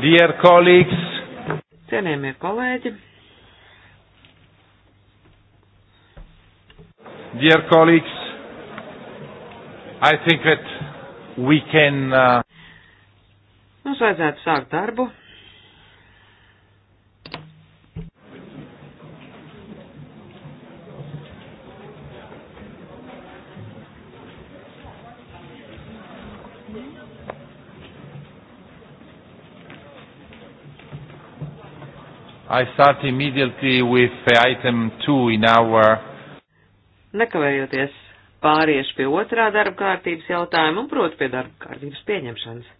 Dear colleagues, cienījamie kolēģi, Dear colleagues, I think that we can. Uh, Mums vajadzētu sākt darbu. I start immediately with item 2 in our. Nekavējoties pāriešu pie otrā darba kārtības jautājuma un proti pie darba kārtības pieņemšanas.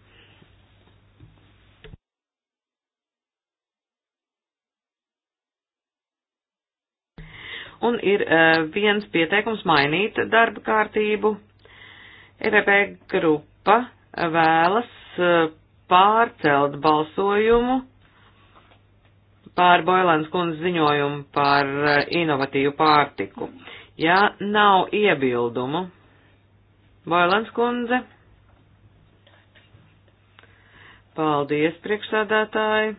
Un ir uh, viens pieteikums mainīt darba kārtību. EVP grupa vēlas uh, pārcelt balsojumu pār Boilēns kundzes ziņojumu par eh, inovatīvu pārtiku. Ja nav iebildumu, Boilēns kundze. Paldies, priekšsādātāji.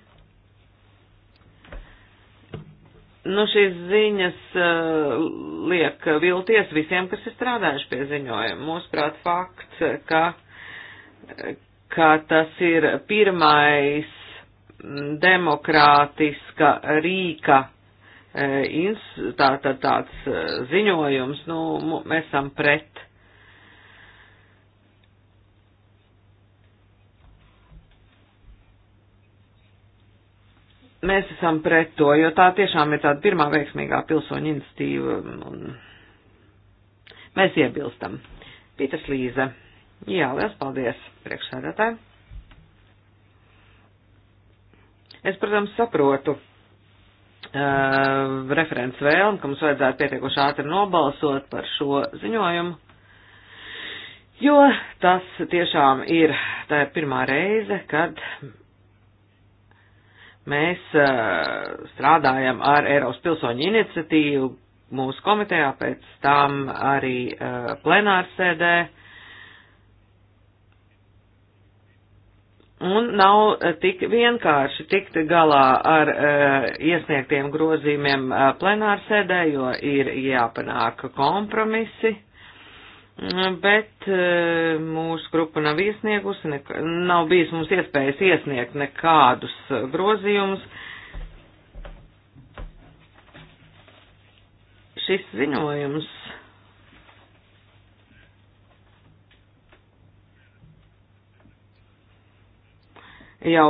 Nu, šīs ziņas uh, liek vilties visiem, kas ir strādājuši pie ziņojuma. Mūsuprāt, fakts, ka, eh, ka tas ir pirmais demokrātiska rīka e, ins, tā, tā, tāds e, ziņojums, nu, mēs esam pret. Mēs esam pret to, jo tā tiešām ir tāda pirmā veiksmīgā pilsoņa institīva, un mēs iebilstam. Pīters Līze. Jā, liels paldies, priekšsēdētāji. Es, protams, saprotu uh, referents vēlmi, ka mums vajadzētu pietiekoši ātri nobalsot par šo ziņojumu, jo tas tiešām ir, tā ir pirmā reize, kad mēs uh, strādājam ar Eiropas pilsoņu iniciatīvu mūsu komitejā, pēc tam arī uh, plenārsēdē. Ar un nav eh, tik vienkārši tikt galā ar uh, iesniegtiem grozījumiem uh, eh, plenārsēdē, jo ir jāpanāk kompromisi, mm, bet uh, mūsu grupa nav iesniegusi, ne, nav bijis mums iespējas iesniegt nekādus grozījumus. Šis ziņojums jau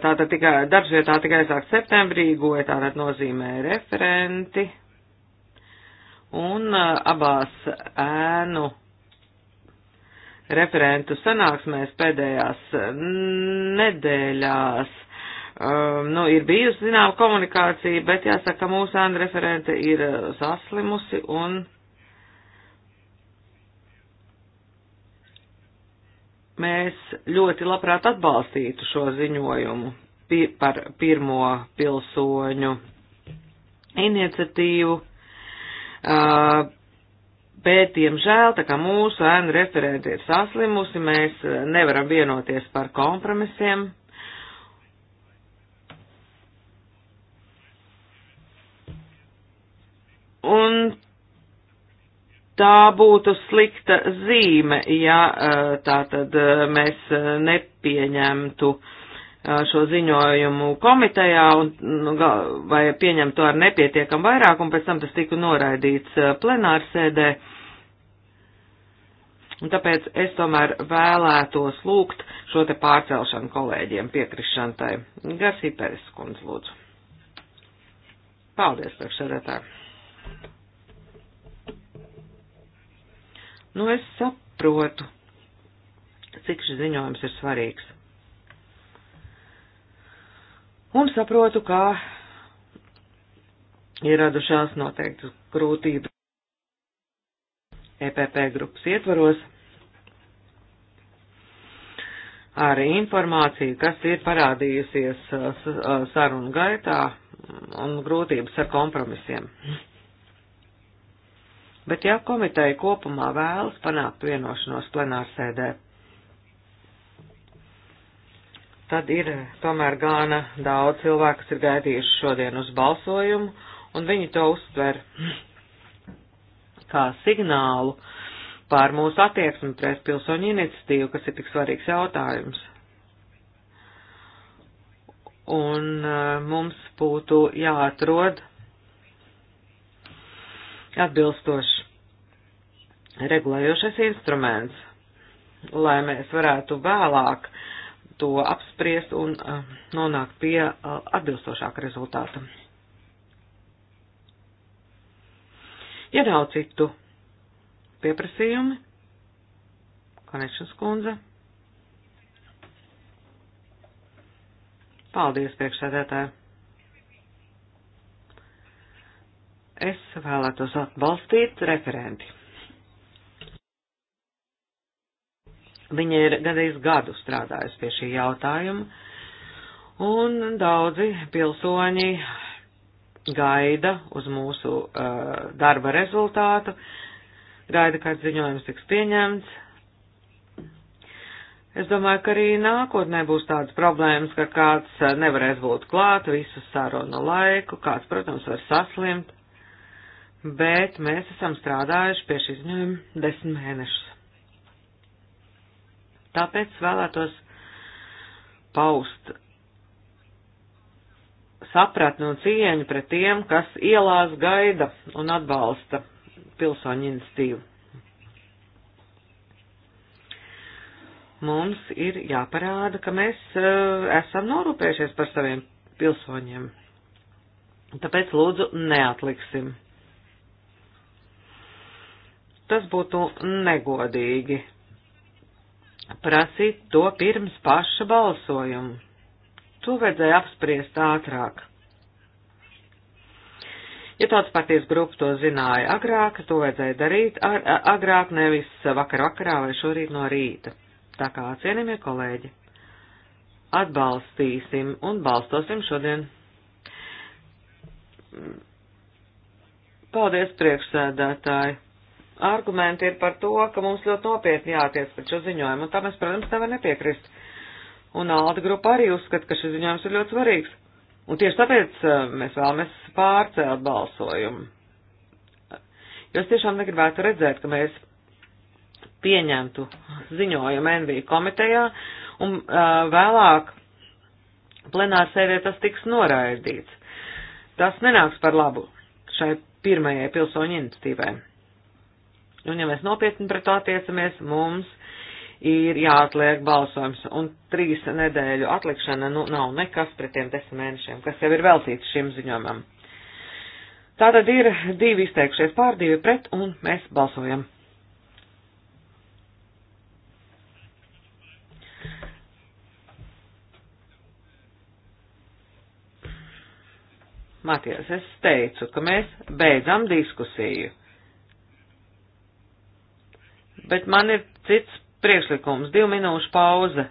tātad tikai darbsvietā tikai sāk septembrī, goja tātad nozīmē referenti. Un abās ēnu referentu sanāksmēs pēdējās nedēļās um, nu, ir bijusi zināma komunikācija, bet jāsaka, mūsu ēna referente ir saslimusi un Mēs ļoti labprāt atbalstītu šo ziņojumu par pirmo pilsoņu iniciatīvu, bet, diemžēl, tā kā mūsu ēnu referenti ir saslimusi, mēs nevaram vienoties par kompromisiem. Un tā būtu slikta zīme, ja eh, tā tad eh, mēs eh, nepieņemtu šo ziņojumu komitejā un, nu, vai pieņemtu ar nepietiekam vairāk, un pēc tam tas tika noraidīts plenārsēdē. Un tāpēc es tomēr vēlētos lūgt šo te pārcelšanu kolēģiem piekrišantai. Garsī Pēris kundz lūdzu. Paldies, priekšsēdētāji. Nu, es saprotu, cik šis ziņojums ir svarīgs. Un saprotu, kā ir radušās noteiktas grūtības EPP grupas ietvaros ar informāciju, kas ir parādījusies uh, uh, sarunu gaitā un grūtības ar kompromisiem. Bet ja komiteja kopumā vēlas panākt vienošanos plenārsēdē, tad ir eh, tomēr gāna daudz cilvēku, kas ir gaidījuši šodien uz balsojumu, un viņi to uztver kā signālu pār mūsu attieksmi pret pilsoņu iniciatīvu, kas ir tik svarīgs jautājums. Un eh, mums būtu jāatrod atbilstošs regulējošais instruments, lai mēs varētu vēlāk to apspriest un eh, nonākt pie eh, atbilstošāka rezultāta. Ja nav citu pieprasījumi, konečnas kundze. Paldies, priekšsēdētāji! Es vēlētos atbalstīt referenti. Viņa ir gadījis gadu strādājusi pie šī jautājuma, un daudzi pilsoņi gaida uz mūsu uh, darba rezultātu, gaida, kad ziņojums tiks pieņemts, Es domāju, ka arī nākotnē būs tādas problēmas, ka kāds uh, nevarēs būt klāt visu sarunu laiku, kāds, protams, var saslimt bet mēs esam strādājuši pie šī ziņojuma desmit mēnešus. Tāpēc vēlētos paust sapratni un cieņu pret tiem, kas ielās gaida un atbalsta pilsoņu iniciatīvu. Mums ir jāparāda, ka mēs uh, esam norūpējušies par saviem pilsoņiem. Tāpēc lūdzu neatliksim Tas būtu negodīgi prasīt to pirms paša balsojumu. To vajadzēja apspriest ātrāk. Ja tautas partijas grupa to zināja agrāk, to vajadzēja darīt ar, agrāk, nevis vakar vakarā vai šorīt no rīta. Tā kā cienījamie kolēģi, atbalstīsim un balstosim šodien. Paldies, priekšsēdētāji! argumenti ir par to, ka mums ļoti nopietni jātiec pret šo ziņojumu, un tam es, protams, nevaru nepiekrist. Un Alda grupa arī uzskata, ka šis ziņojums ir ļoti svarīgs. Un tieši tāpēc uh, mēs vēlamies pārcelt balsojumu. Jo es tiešām negribētu redzēt, ka mēs pieņemtu ziņojumu NV komitejā, un uh, vēlāk plenārsēdē tas tiks noraidīts. Tas nenāks par labu šai pirmajai pilsoņu iniciatīvai. Un nu, ja mēs nopietni pret to attiecamies, mums ir jāatliek balsojums. Un trīs nedēļu atlikšana nu, nav nekas pret tiem desmit mēnešiem, kas jau ir veltīts šim ziņojumam. Tātad ir divi izteikšies pār, divi pret, un mēs balsojam. Matijas, es teicu, ka mēs beidzam diskusiju bet man ir cits priekšlikums, divu minūšu pauze,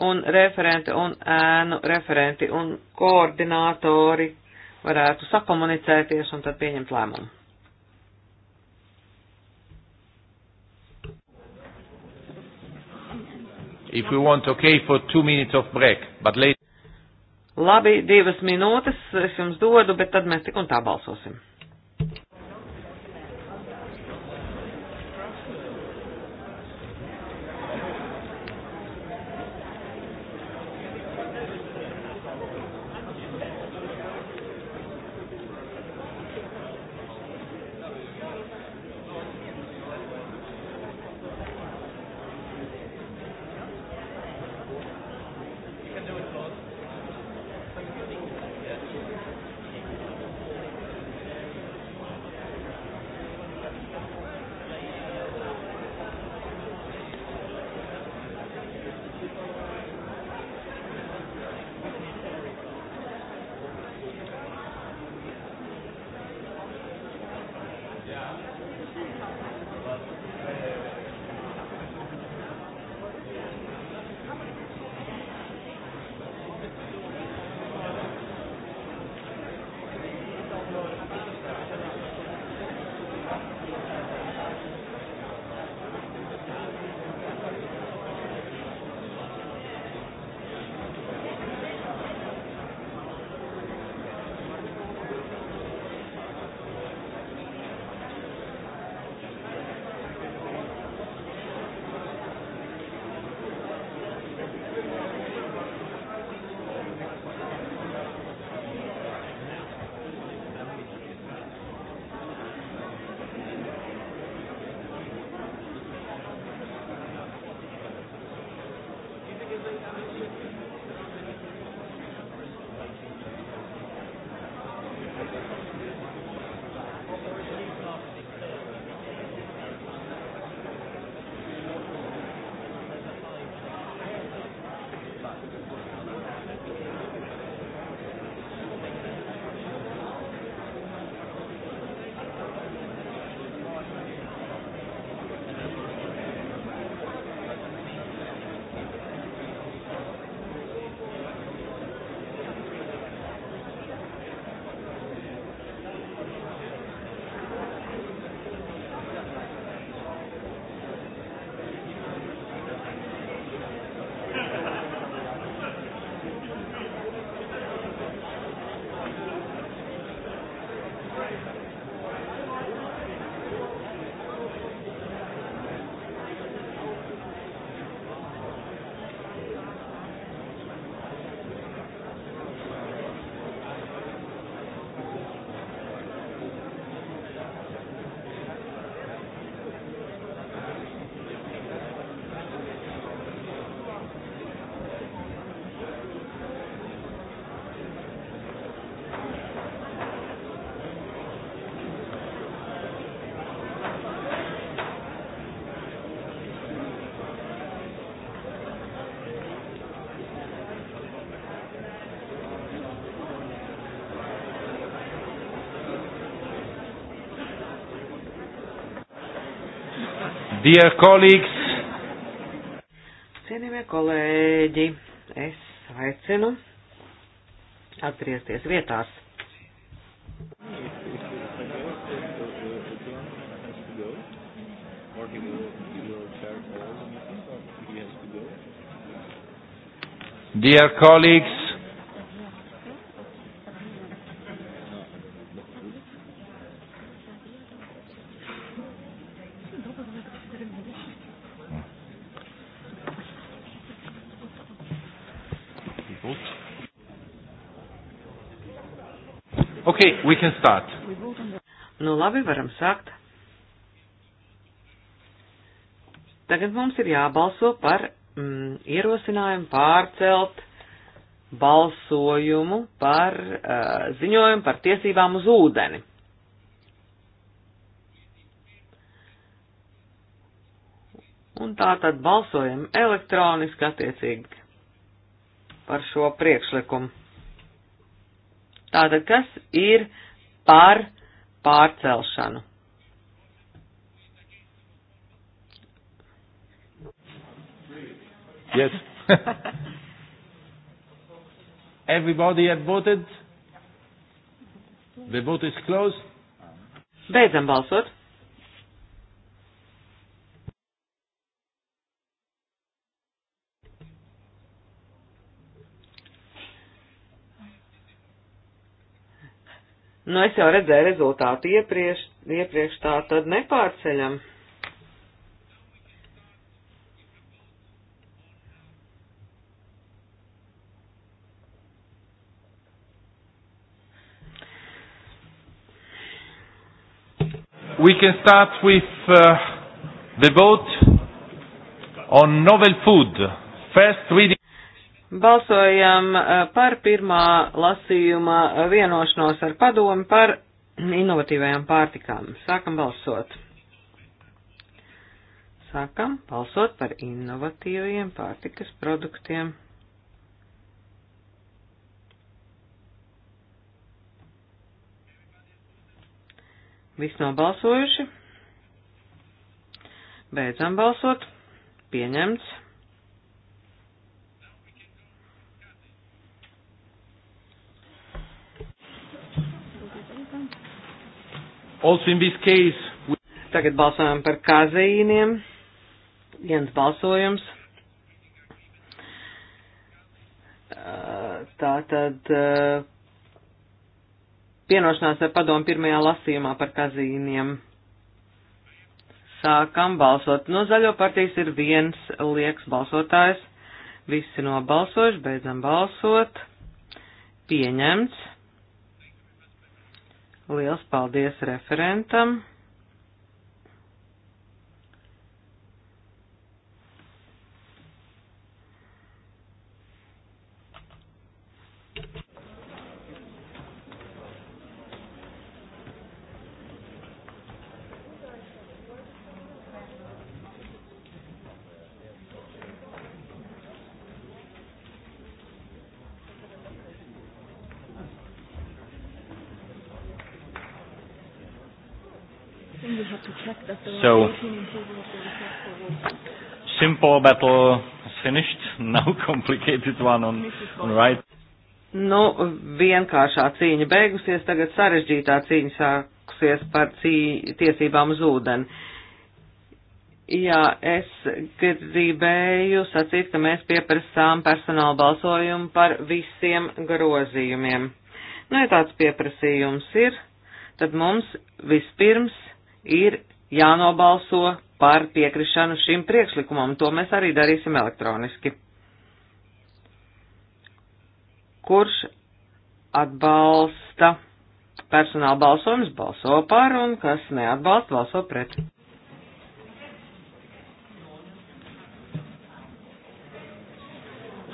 un referenti un ēnu referenti un koordinātori varētu sakomunicēties un tad pieņemt lēmumu. If we want, okay, for two minutes of break, but later. Labi, divas minūtes es jums dodu, bet tad mēs tik un tā balsosim. Dear colleagues, cienījamie kolēģi, es aicinu atgriezties vietās. Dear colleagues, Okay, we can start. Nu labi, varam sākt. Tagad mums ir jābalso par mm, ierosinājumu pārcelt balsojumu par uh, ziņojumu par tiesībām uz ūdeni. Un tā tad balsojam elektroniski attiecīgi par šo priekšlikumu. Tātad, kas ir par pārcelšanu? Yes. Everybody had voted. The vote is closed. Beidzam balsot. Nu, es jau redzēju rezultātu iepriekš, iepriekš tā tad nepārceļam. we can start with uh, the vote on novel food. First reading. Balsojam eh, par pirmā lasījuma vienošanos ar padomu par inovatīvajām pārtikām. Sākam balsot. Sākam balsot par inovatīvajiem pārtikas produktiem. Viss nobalsojuši. Beidzam balsot. Pieņemts. Also in this case, we... Tagad balsojam par kazeīniem. Viens balsojums. Tā tad pienošanās ar padomu pirmajā lasījumā par kazīniem. Sākam balsot. No zaļo partijas ir viens liekas balsotājs. Visi nobalsojuši, beidzam balsot. Pieņemts. Liels paldies referentam! So, simple battle is finished, now complicated one on, on right. Nu, vienkāršā cīņa beigusies, tagad sarežģītā cīņa sāksies par cī, tiesībām uz ūdeni. Jā, es gribēju sacīt, ka mēs pieprasām personāla balsojumu par visiem grozījumiem. Nu, ja tāds pieprasījums ir, tad mums vispirms ir jānobalso par piekrišanu šim priekšlikumam, to mēs arī darīsim elektroniski. Kurš atbalsta personāla balsojums, balso par, un kas neatbalsta, balso pret.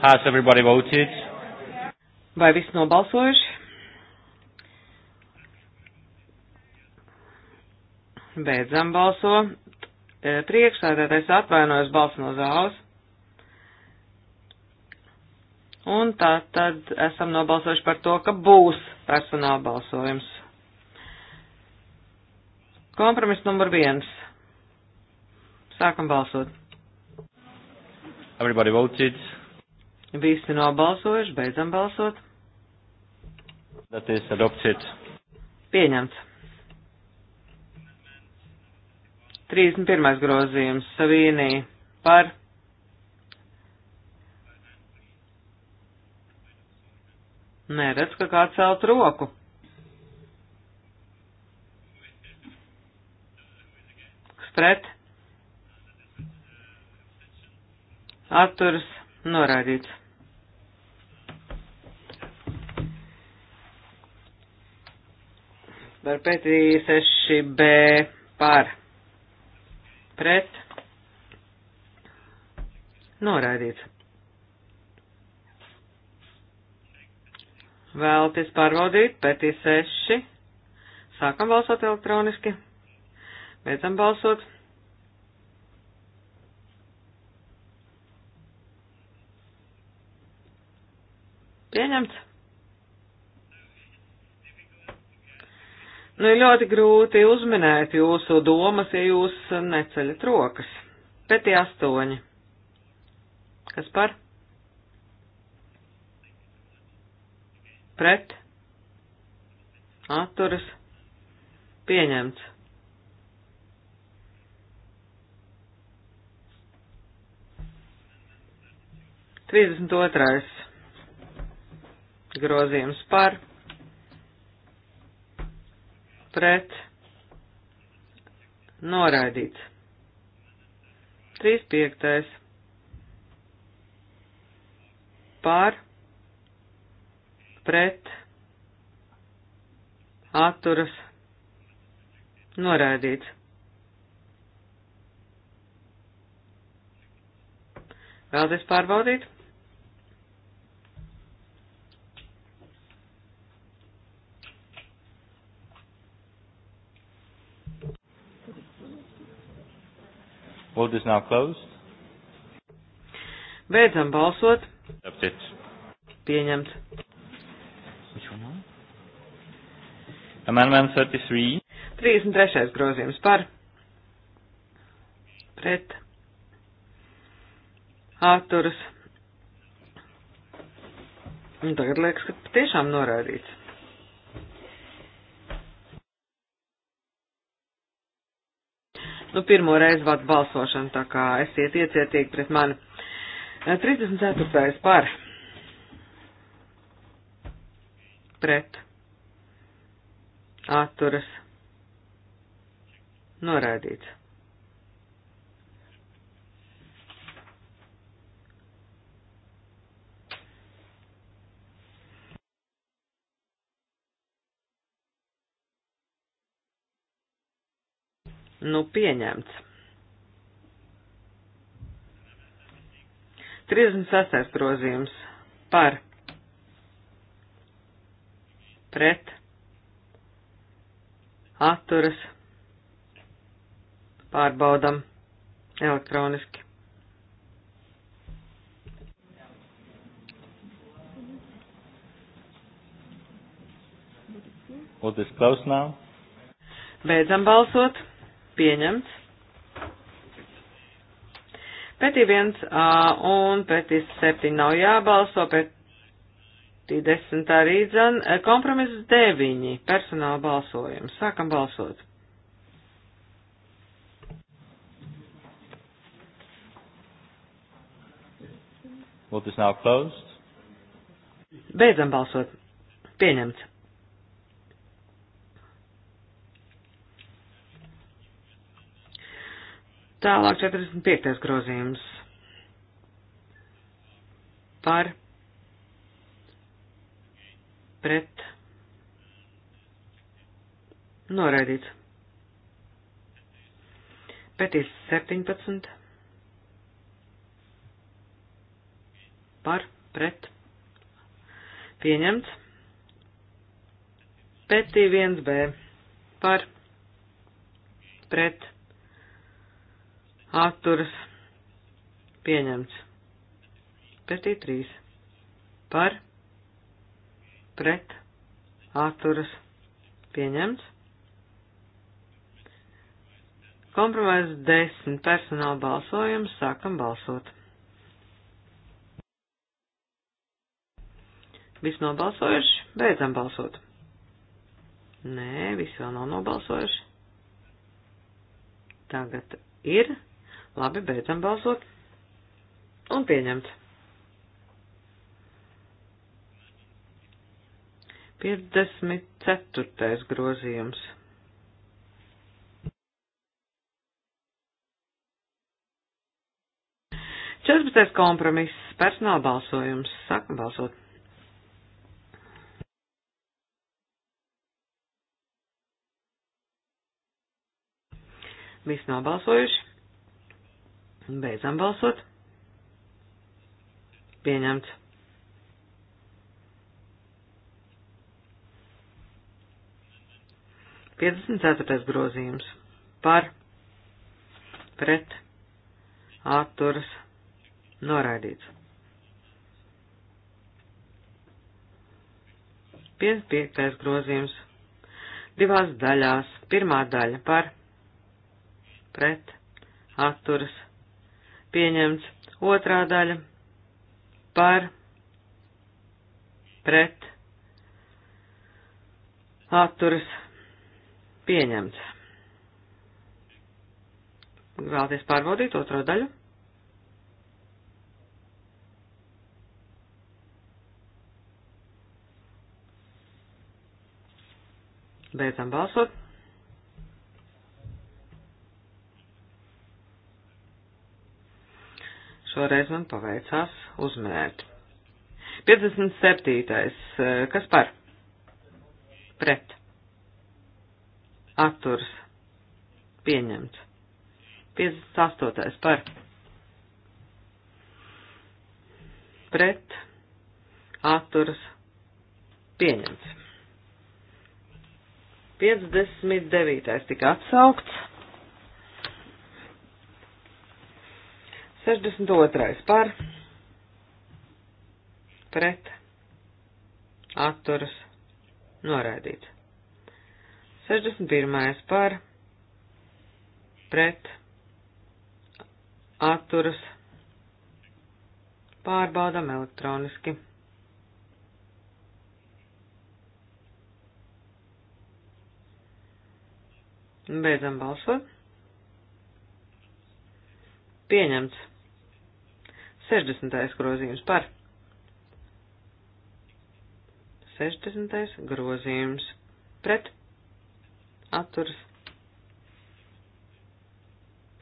Has everybody voted? Vai viss nobalsojuši? Beidzam balso. E, Priekšsēdētais atvainojas balss no zāles. Un tā tad esam nobalsojuši par to, ka būs personāla balsojums. Kompromiss numur viens. Sākam balsot. Everybody voted. Visi nobalsojuši, beidzam balsot. That is adopted. Pieņemts. 31. grozījums Savīnī par Nē, redz, ka kāds celt roku. Kas pret? Atturs norādīts. Par Petrī 6B par pret, noraidīts. Vēlaties pārbaudīt pētī seši, sākam balsot elektroniski, beidzam balsot. Pieņemts. Nu, ir ļoti grūti uzminēt jūsu domas, ja jūs neceļat rokas. Pētī astoņi. Kas par? Pret. Atturas. Pieņemts. Trīsdesmit otrais grozījums par pret noraidīts. 35. par pret atturas noraidīts. Vēlties pārbaudīt? Vote is now closed. Beidzam balsot. Accepted. Pieņemts. Which one now? Amendment 33. 33. grozījums par. Pret. Atturas. Un tagad liekas, ka tiešām norādīts. nu, pirmo reizi vada balsošana, tā kā esiet iecietīgi pret mani. 34. Eh, par. Pret. Atturas. Noraidīts. Nu, pieņemts. 36. grozījums par pret atturas pārbaudam elektroniski. Vote is closed now. Beidzam balsot pieņemts. Pētī 1A un pētī 7 nav jābalso, pētī 10 arī dzen. Kompromiss 9 personāla balsojums. Sākam balsot. Vote is now closed. Beidzam balsot. Pieņemts. Tālāk 45. grozījums par pret noraidīts. Petīs 17 par pret pieņemts. Petī 1b par pret atturas pieņemts. Pretī 3 par pret atturas pieņemts. Kompromiss 10 personāla balsojums sākam balsot. Viss nobalsojuši, beidzam balsot. Nē, visi vēl nav nobalsojuši. Tagad ir Labi, beidzam balsot. Un pieņemts. 54. grozījums. Četrpadsmitais kompromiss, personāla balsojums, sākam balsot. Viss nobalsojuši. Beidzam balsot. Pieņemts. Piecdesmit ceturtais grozījums par pret atturas noraidīts. 55. grozījums divās daļās. Pirmā daļa par pret atturas pieņemts. Otrā daļa par pret atturas pieņemts. Vēlties pārbaudīt otro daļu? Beidzam balsot. Šoreiz man paveicās uzmērt. 57. Kas par? Pret. Atturs. Pieņemts. 58. Par. Pret. Atturs. Pieņemts. 59. tika atsaukts. 62. par pret atturas noraidīts. 61. par pret atturas pārbaudam elektroniski. Beidzam balsot. Pieņemts. 60. grozījums par. 60. grozījums pret atturas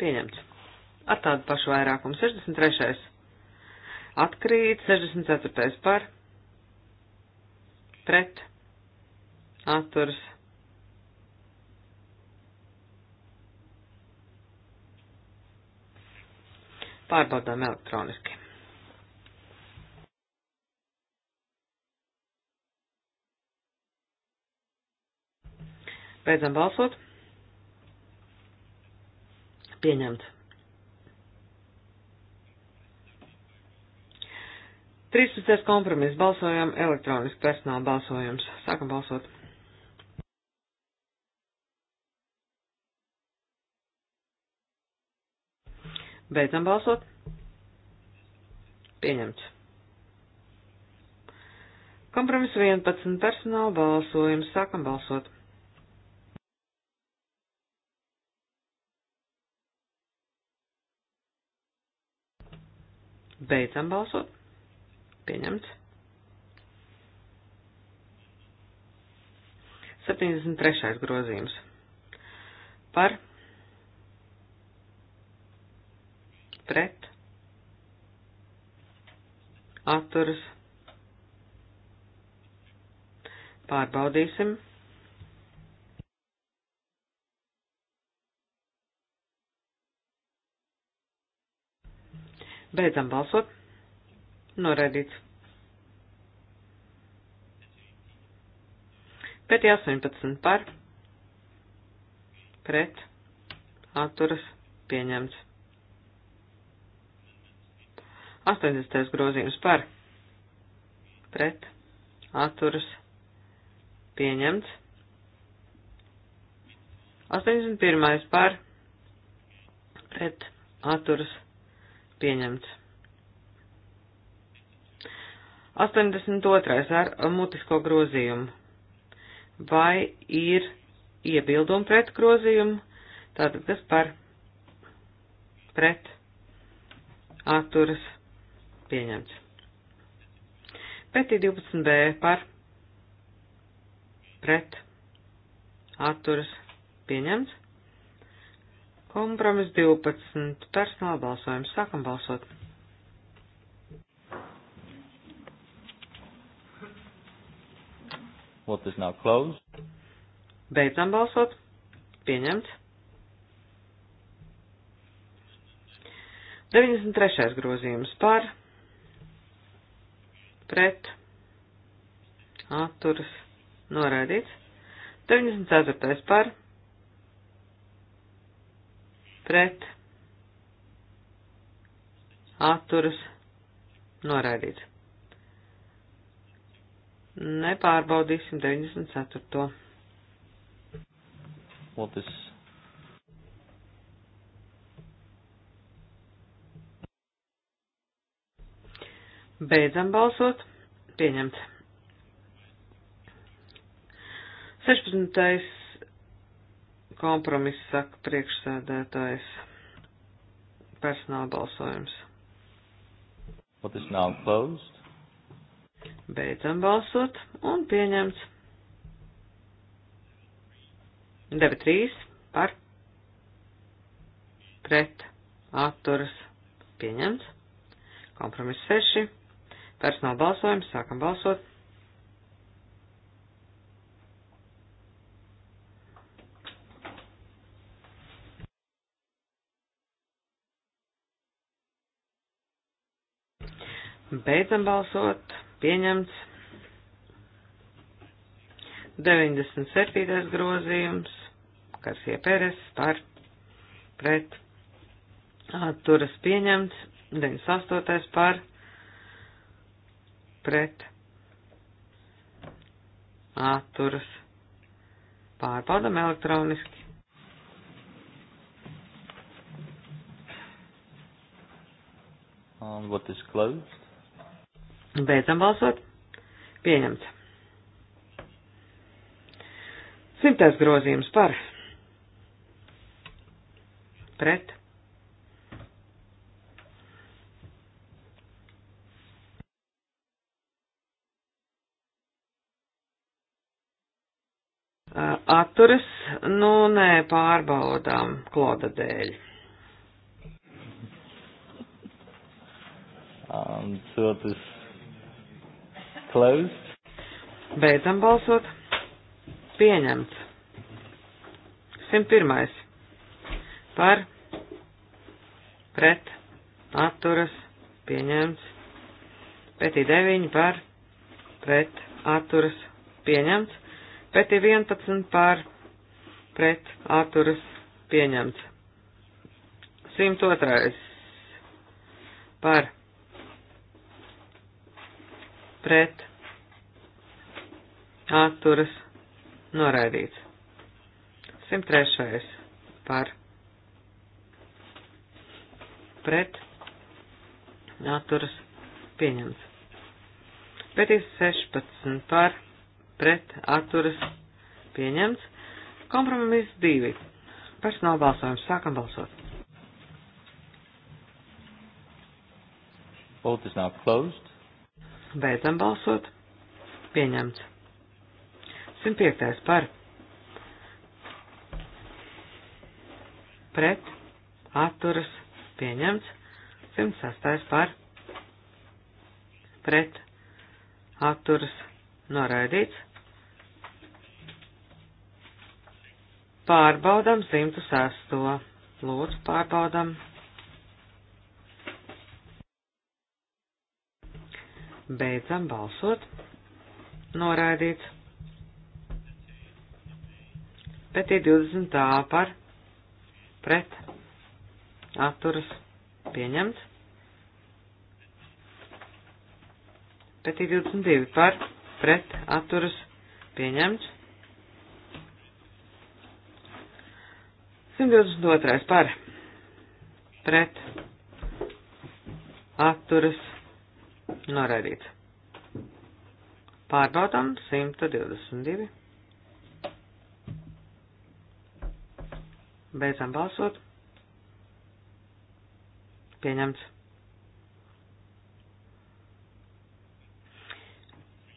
pieņemts. Ar tādu pašu vairākumu 63. atkrīt, 64. par pret atturas pieņemts Pārbaudām elektroniski. Beidzam balsot. Pieņemt. 13. kompromiss. Balsojam elektroniski personāla balsojums. Sākam balsot. Beidzam balsot. Pieņemts. Kompromiss 11. Personāla balsojums. Sākam balsot. Beidzam balsot. Pieņemts. 73. grozījums. Par pret, atturas, pārbaudīsim. Beidzam balsot. Noraidīts. Pēc 18 par, pret, atturas, pieņemts. 80. grozījums par pret atturas pieņemts. 81. par pret atturas pieņemts. 82. ar mutisko grozījumu. Vai ir iebildumi pret grozījumu? Tātad, kas par pret atturas pieņemts. Pētī 12b par pret atturas pieņemts. Kompromis 12. Personāla balsojums. Sākam balsot. Vote is now closed. Beidzam balsot. Pieņemts. 93. grozījums par pret atturas noraidīts. 94. par pret atturas noraidīts. Nepārbaudīsim 94. What is Beidzam balsot. Pieņemts. 16. kompromiss saka priekšsēdētājs. Personāla balsojums. What is now closed? Beidzam balsot un pieņemts. 9.3 par pret atturas pieņemts. Kompromiss 6 Personāla balsojums, sākam balsot. Beidzam balsot, pieņemts. 97. grozījums, kas ieperes par pret atturas pieņemts, 98. par pret pret atturas. Pārbaudam elektroniski. And what is closed? Beidzam balsot. Pieņemts. Simtais grozījums par. Pret. Atturas, nu nē, pārbaudām kloda dēļ. Um, so this closed. Beidzam balsot. Pieņemts. 101. Par. Pret. Atturas. Pieņemts. Pētī 9. Par. Pret. Atturas. Pieņemts. Pētī 11 pār pret atturas pieņemts. 102 par pret atturas noraidīts. 103 par pret atturas pieņemts. Pētīs 16 par pret pret atturas pieņemts. Kompromiss divi. Personāla balsojums. Sākam balsot. Vote is now closed. Beidzam balsot. Pieņemts. 105. par. Pret. Atturas. Pieņemts. 106. par. Pret. Atturas. Noraidīts. Pārbaudam 106. Lūdzu, pārbaudam. Beidzam balsot. Noraidīts. Pētī 20. par pret atturas pieņemts. Pētī 22 par pret atturas pieņemts. 122. par pret atturas noraidīts. Pārbaudām 122. Beidzam balsot. Pieņemts.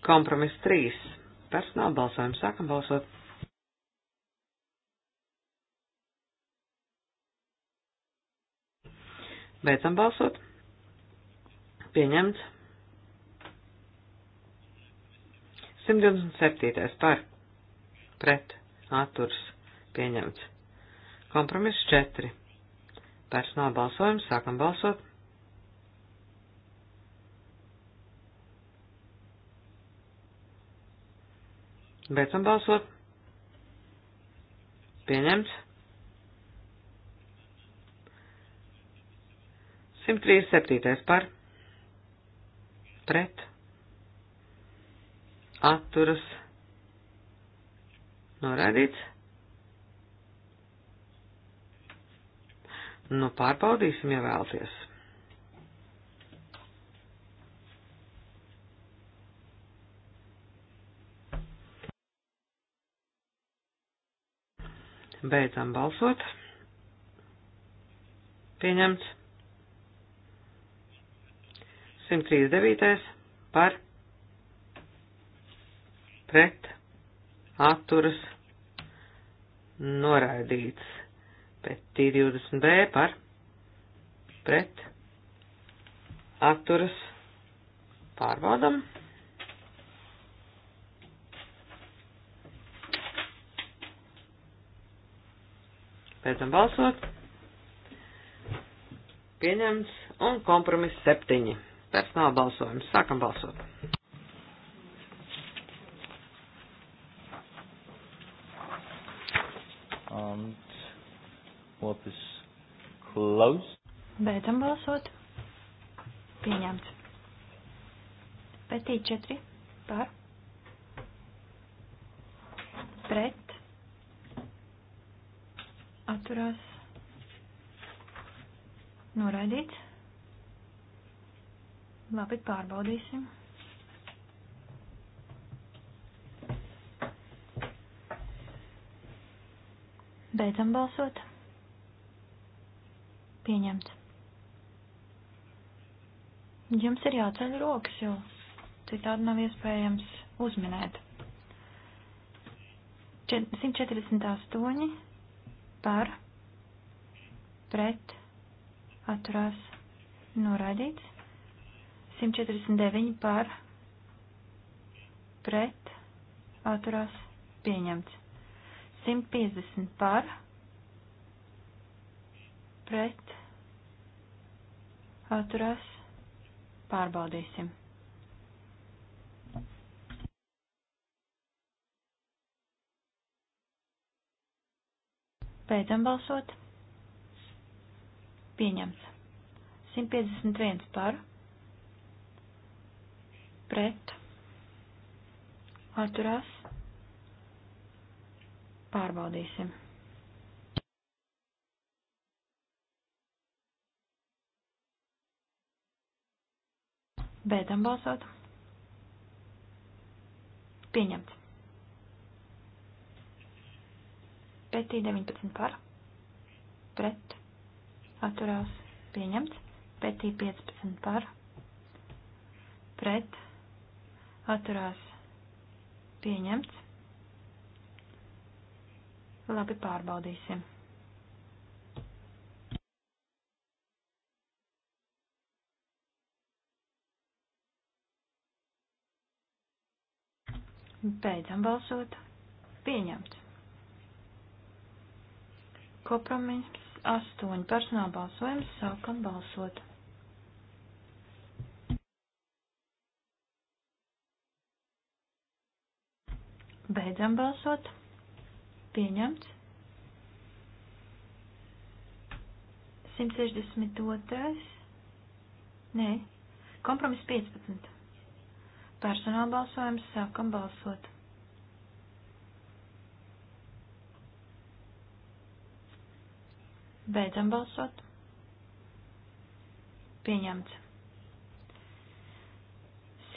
Kompromiss 3. Personāla balsojums. Sākam balsot. Beidzam balsot. Pieņemts. 127. par. Pret. Atturs. Pieņemts. Kompromiss 4. Personāla balsojums. Sākam balsot. Beidzam balsot. Pieņemts. 137. par. Pret. Atturas. Norādīts. Nu, pārbaudīsim, ja vēlties. Beidzam balsot. Pieņemts. 139. par pret atturas noraidīts. Pēc T20B par pret atturas pārbaudam. Beidzam balsot. Pieņemts un kompromiss septiņi. Personāla balsojums. Sākam balsot. Um, what is closed? Beidzam balsot. Pieņemts. Petīt četri. Par. Pret atturās noraidīts. Labi, pārbaudīsim. Beidzam balsot. Pieņemts. Jums ir jāceļ rokas, jo citādi nav iespējams uzminēt. 148 par pret atturās noraidīts. 149 par pret atturās pieņemts. 150 par pret atturās pārbaudīsim. Beidzam balsot. Pieņemts. 151 par. Pret. Atturās. Pārbaudīsim. Beidzam balsot. Pieņemts. pretī 19 par, pret, atturās, pieņemts, pretī 15 par, pret, atturās, pieņemts. Labi, pārbaudīsim. Beidzam balsot. Pieņemts. Kompromiss 8. Personāla balsojums. Sākam balsot. Beidzam balsot. Pieņemts. 162. Nē. Kompromiss 15. Personāla balsojums. Sākam balsot. Beidzam balsot. Pieņemts.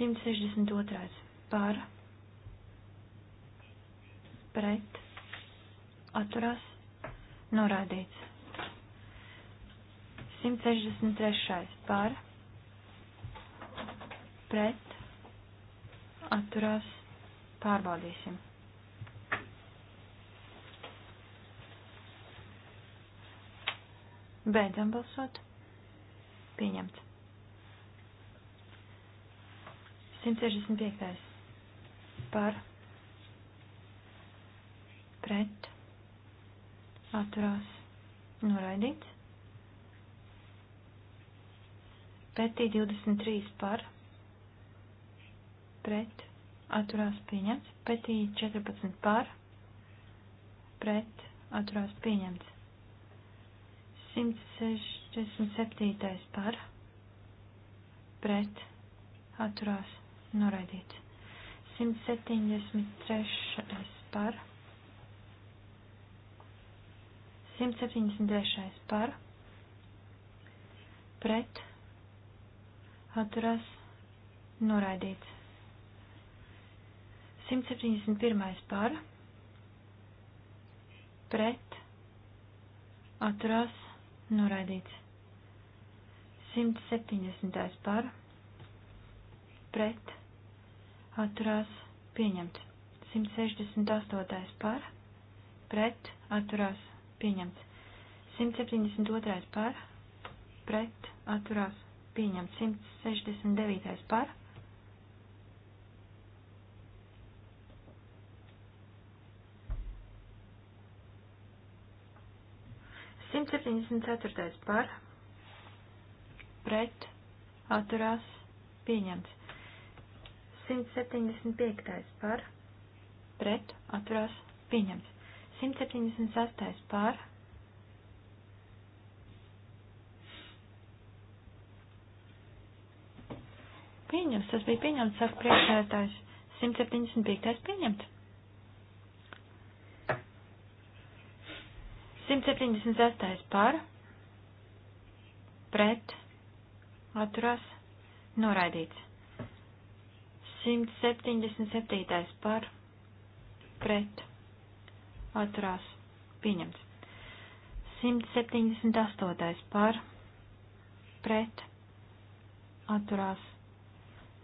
162. Par. Pret. Atturās. Norādīts. 163. Par. Pret. Atturās. Pārbaudīsim. Beidzam balsot. Pieņemts. 165. Par. Pret. Atturās. Noraidīts. Pētī 23 par. Pret. Atturās pieņemts. Pētī 14 par. Pret. Atturās pieņemts. 167. par pret atturās noraidīts. 173. par 173. par pret atturās noraidīts. 171. par pret atturās noraidīts Noraidīts. 170. par. Pret. Atturās. Pieņemts. 168. par. Pret. Atturās. Pieņemts. 172. par. Pret. Atturās. Pieņemts. 169. par. 174. par pret atturās pieņemts. 175. par pret atturās pieņemts. 176. par pieņemts. Tas bija pieņemts, saka priekšsētājs. 175. pieņemts. 176. par, pret, atturās, noraidīts. 177. par, pret, atturās, pieņemts. 178. par, pret, atturās,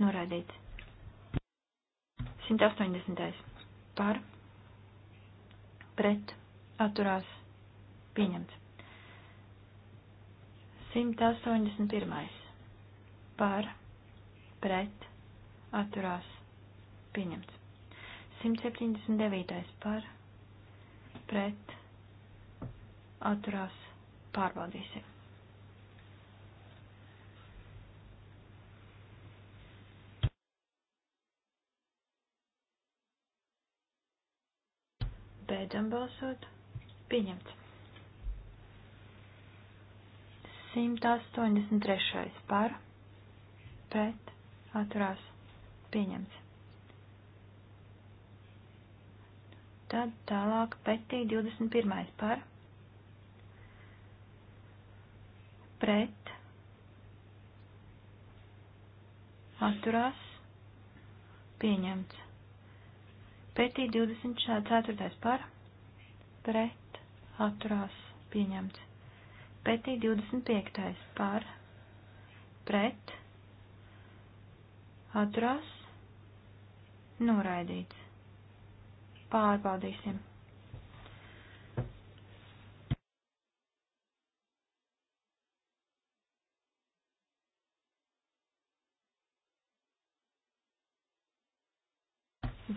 noraidīts. 180. par, pret, atturās, Pieņemts. 181. Par, pret, atturās, pieņemts. 179. Par, pret, atturās, pārbaudīsim. Beidzam balsot. Pieņemts. 183. par pret atturās pieņemts. Tad tālāk petī 21. par pret atturās pieņemts. Petī 24. par pret atturās pieņemts. Pētī 25. par pret atturās noraidīts. Pārbaudīsim.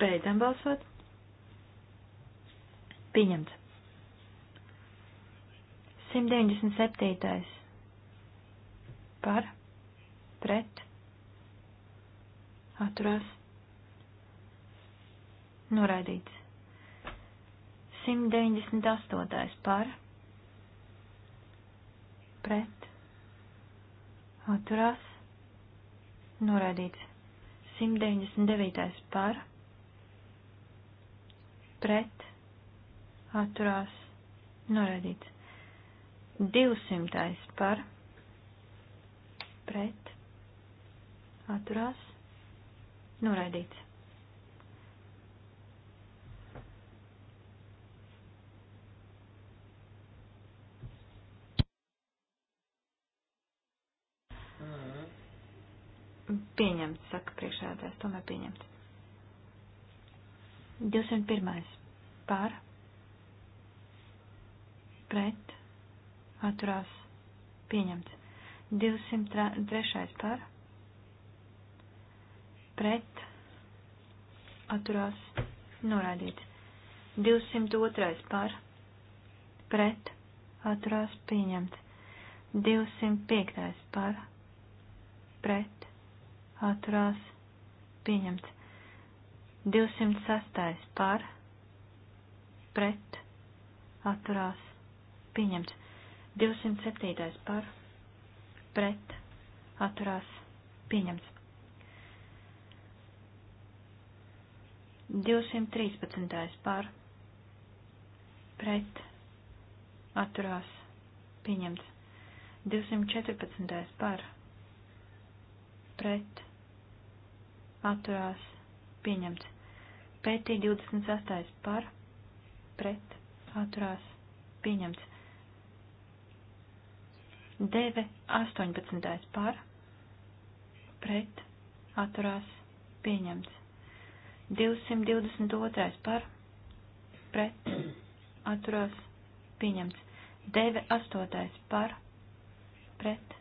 Beidzam balsot. Pieņemts. 197. par pret atturās noraidīts. 198. par pret atturās noraidīts. 199. par pret atturās noraidīts. 200. par pret atturās noraidīts. Pieņemts, saka priekšsēdētājs, tomēr pieņemts. 201. Pār. Pret atturās pieņemts. 203. par pret atturās norādīts. 202. par pret atturās pieņemts. 205. par pret atturās pieņemts. 206. par pret atturās pieņemts. 207. par pret atturās pieņemts. 213. par pret atturās pieņemts. 214. par pret atturās pieņemts. Pētī 28. par pret atturās pieņemts. Deve 18. par, pret, atturās, pieņemts. 222. par, pret, atturās, pieņemts. Deve 8. par, pret,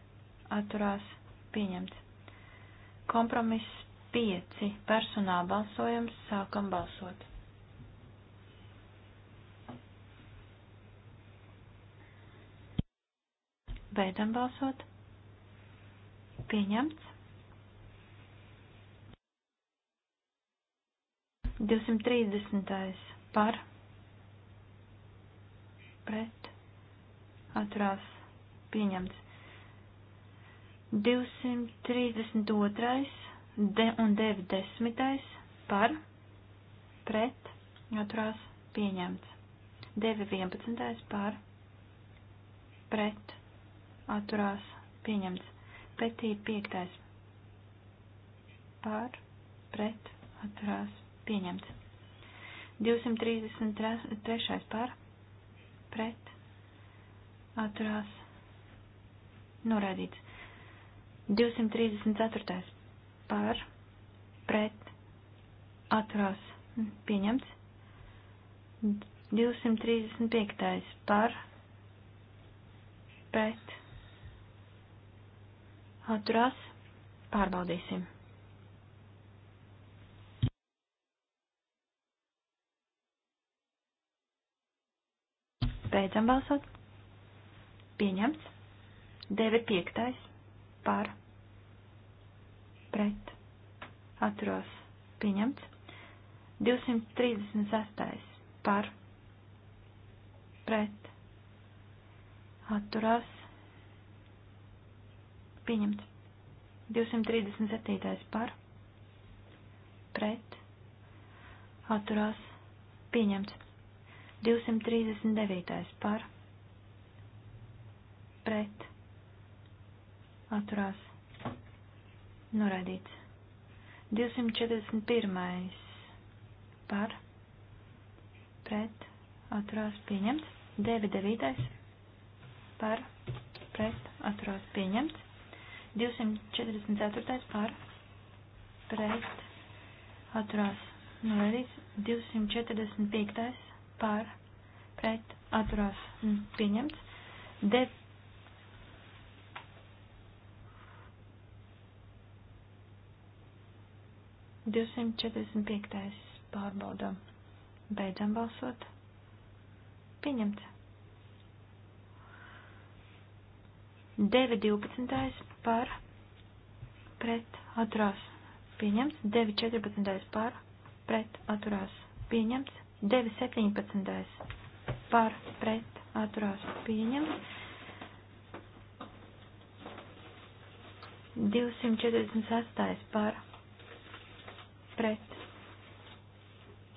atturās, pieņemts. Kompromiss 5. Personāla balsojums sākam balsot. Beidzam balsot. Pieņemts. 230. par pret atturās pieņemts. 232. De un 90. par pret atturās pieņemts. 911. par pret atturās pieņemts. Pretī piektais pār, pret, atturās pieņemts. 233. pār, pret, atturās norādīts. 234. pār, pret, atturās pieņemts. 235. par pret atturās, pārbaudīsim. Beidzam balsot. Pieņemts. 9.5. Pār. Pret. Atturos. Pieņemts. 236. Pār. Pret. Atturās Pieņemts. 237. par. Pret. Atturās. Pieņemts. 239. par. Pret. Atturās. Noraidīts. 241. par. Pret. Atturās. Pieņemts. 99. par. Pret. Atturās. Pieņemts. 244. par pret atturās norādīts, 245. par pret atturās mm, pieņemts, De Divsimt četrdesmit piektais pārbaudām. Beidzam balsot. Pieņemts. 9.12. par pret atturās pieņemts, 9.14. par pret atturās pieņemts, 9.17. par pret atturās pieņemts, 246. par pret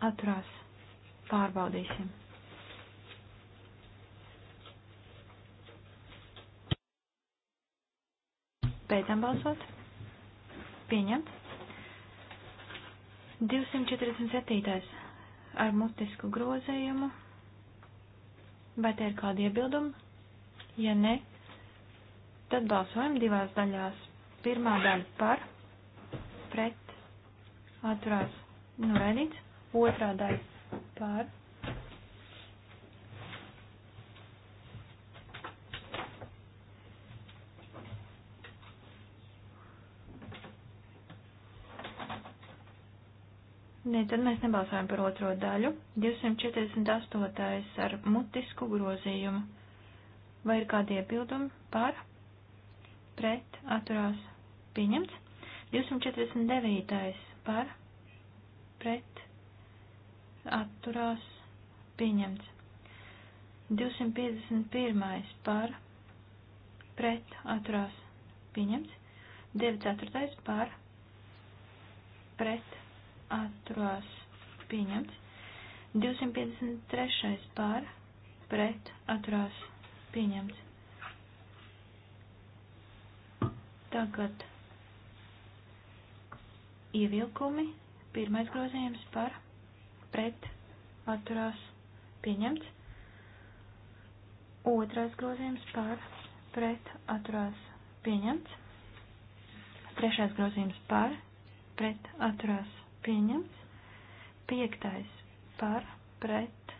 atturās pārbaudīsim. Beidzam balsot. Pieņemts. 247. ar mutisku grozējumu. Vai te ir kādi iebildumi? Ja ne, tad balsojam divās daļās. Pirmā daļa par, pret, atturās, noraidīts. Nu, Otrā daļa par, Nē, tad mēs nebalsājam par otro daļu. 248. ar mutisku grozījumu. Vai ir kādi iebildumi par? Pret atturās pieņemts. 249. par? Pret atturās pieņemts. 251. par? Pret atturās pieņemts. 94. par? Pret atturās pieņemts. 253. pār pret atturās pieņemts. Tagad ievilkumi. Pirmais grozījums par pret atturās pieņemts. Otrais grozījums par pret atturās pieņemts. Trešais grozījums par pret atturās pieņemts. Piektais par pret.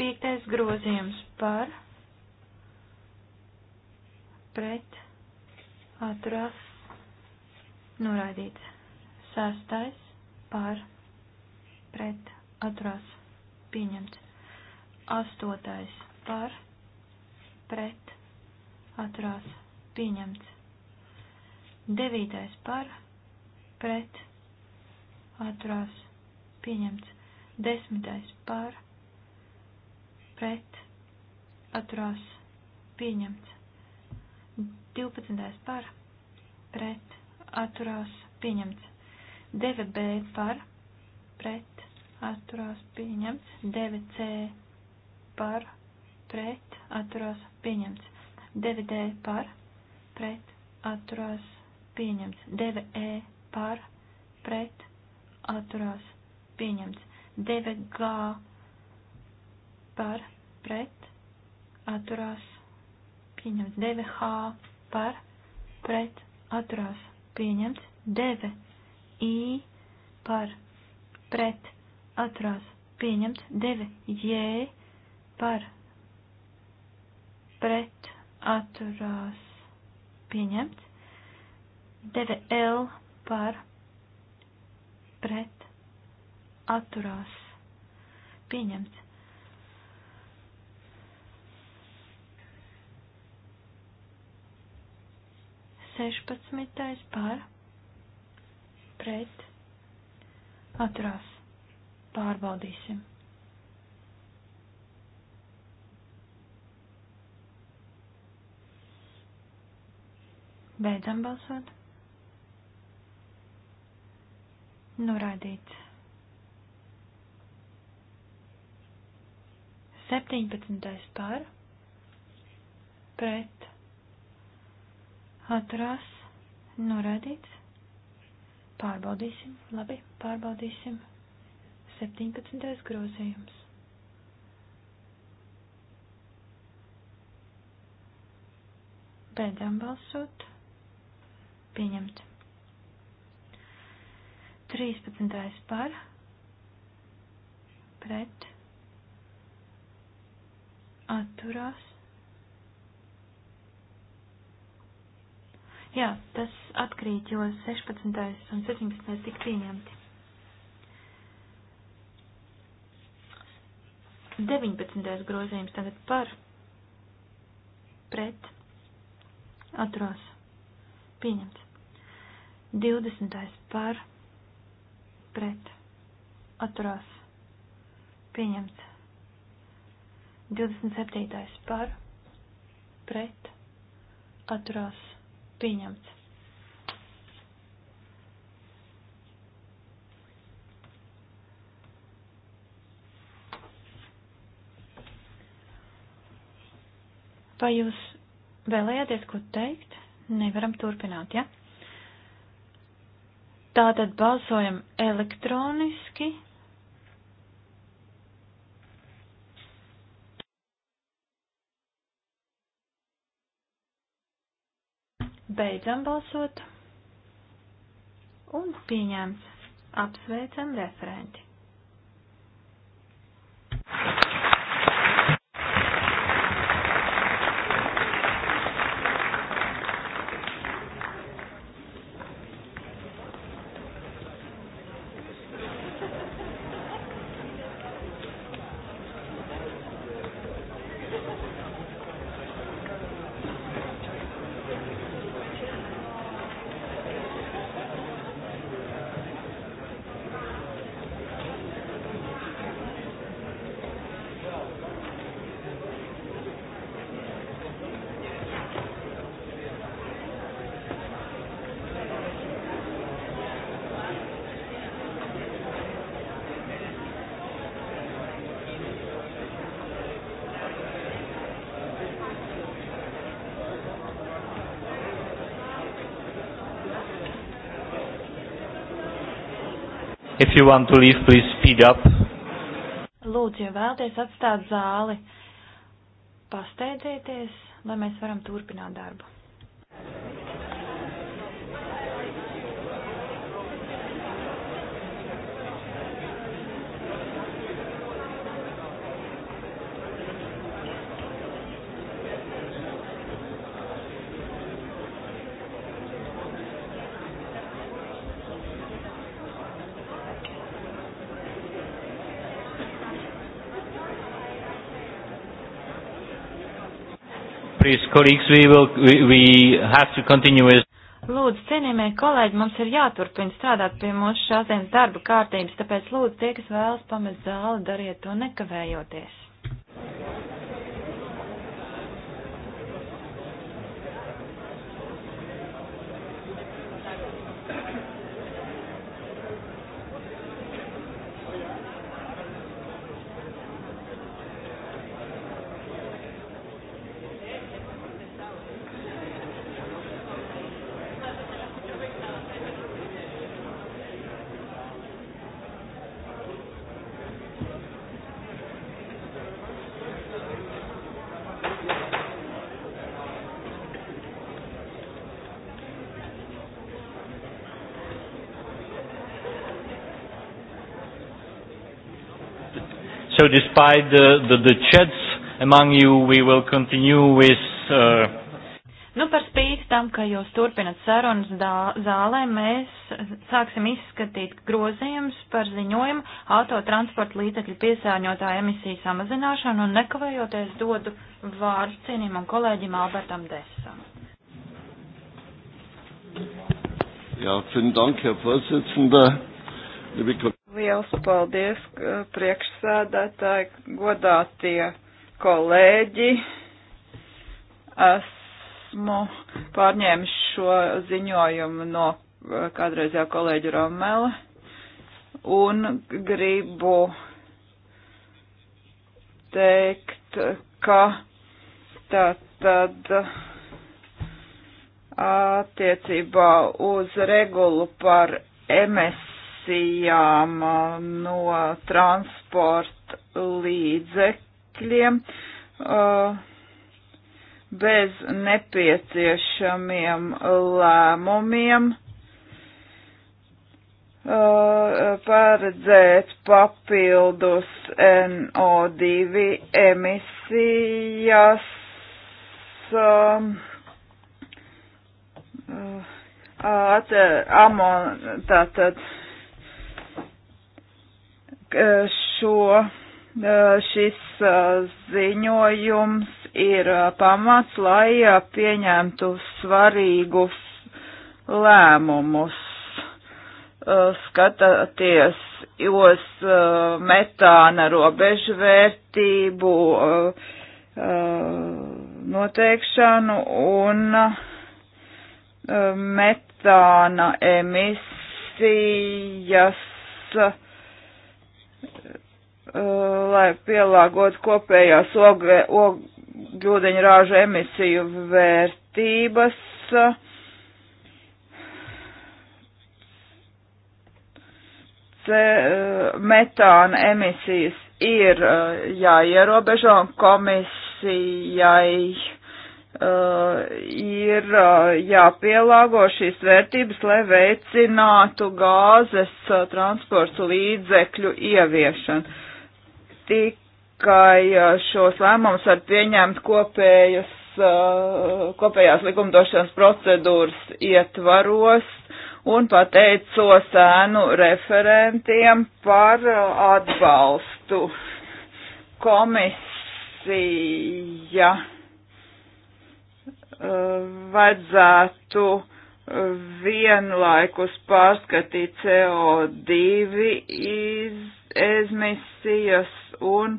Piektais grozījums par pret atturās norādīts. Sastais par pret atturās pieņemts. Astotais par pret atturās pieņemts. Devītais par, pret, atturās pieņemts. Desmitais par, pret, atturās pieņemts. Divpadsmitais par, pret, atturās pieņemts. 9b par, pret, atturās pieņemts. 9c par, pret, atturās pieņemts. 9D par pret atturās pieņemts. 9E par pret atturās pieņemts. 9G par pret atturās pieņemts. 9H par pret atturās pieņemts. 9I par pret atturās pieņemts. 9J par pret atturās pieņemts. DVL par pret atturās pieņemts. Sešpadsmitais par pret atturās pārbaudīsim. Beidzam balsot. Norādīts. 17. par pret atturās norādīts. Pārbaudīsim, labi, pārbaudīsim. 17. grozījums. Beidzam balsot pieņemts. 13. par pret atturās. Jā, tas atkrīt, jo 16. un 17. tik pieņemti. 19. grozījums tagad par pret atturās pieņemts. 20. par pret atturās pieņemts. 27. par pret atturās pieņemts. Vai jūs vēlējāties ko teikt? Nevaram turpināt, ja? Tātad balsojam elektroniski. Beidzam balsot. Un pieņemts. Apsveicam referenti. If you want to leave, please speed up. Lūdzu, ja vēlties atstāt zāli, pasteidzieties, lai mēs varam turpināt darbu. please, colleagues, we will, we, we have to continue with. Lūdzu, cienījamie kolēģi, mums ir jāturpina strādāt pie mūsu šādienas darba kārtības, tāpēc lūdzu tie, kas vēlas pamest zāli, dariet to nekavējoties. So despite the, the, the chats among you, we will continue with. Uh, Nu, par spīti tam, ka jūs turpinat sarunas zālē, mēs sāksim izskatīt grozījums par ziņojumu autotransporta līdzekļu piesārņotāju emisiju samazināšanu un nekavējoties dodu vārdu cienījumam kolēģim Albertam Desam. Jā, ja, vielen Dank, Herr Vorsitzender. Liebe Liels paldies, priekšsēdētāji, godātie kolēģi. Esmu pārņēmis šo ziņojumu no e, kādreizējā kolēģa Romela un gribu teikt, ka tā tad attiecībā uz regulu par MS emisijām uh, no transporta līdzekļiem uh, bez nepieciešamiem lēmumiem uh, paredzēt papildus NO2 emisijas um, at, amon, tātad šo, eh, šis eh, ziņojums ir eh, pamats, lai pieņemtu svarīgus lēmumus. Skatoties uz metāna robežu vērtību noteikšanu un metāna emisijas Uh, lai pielāgotu kopējās ogļūdeņrāžu emisiju vērtības. Ce, uh, metāna emisijas ir uh, jāierobežo un komisijai uh, ir uh, jāpielāgo šīs vērtības, lai veicinātu gāzes uh, transporta līdzekļu ieviešanu tikai šos lēmumus var pieņemt kopējas, kopējās likumdošanas procedūras ietvaros un pateicos ēnu referentiem par atbalstu komisija vajadzētu vienlaikus pārskatīt CO2 iz emisijas un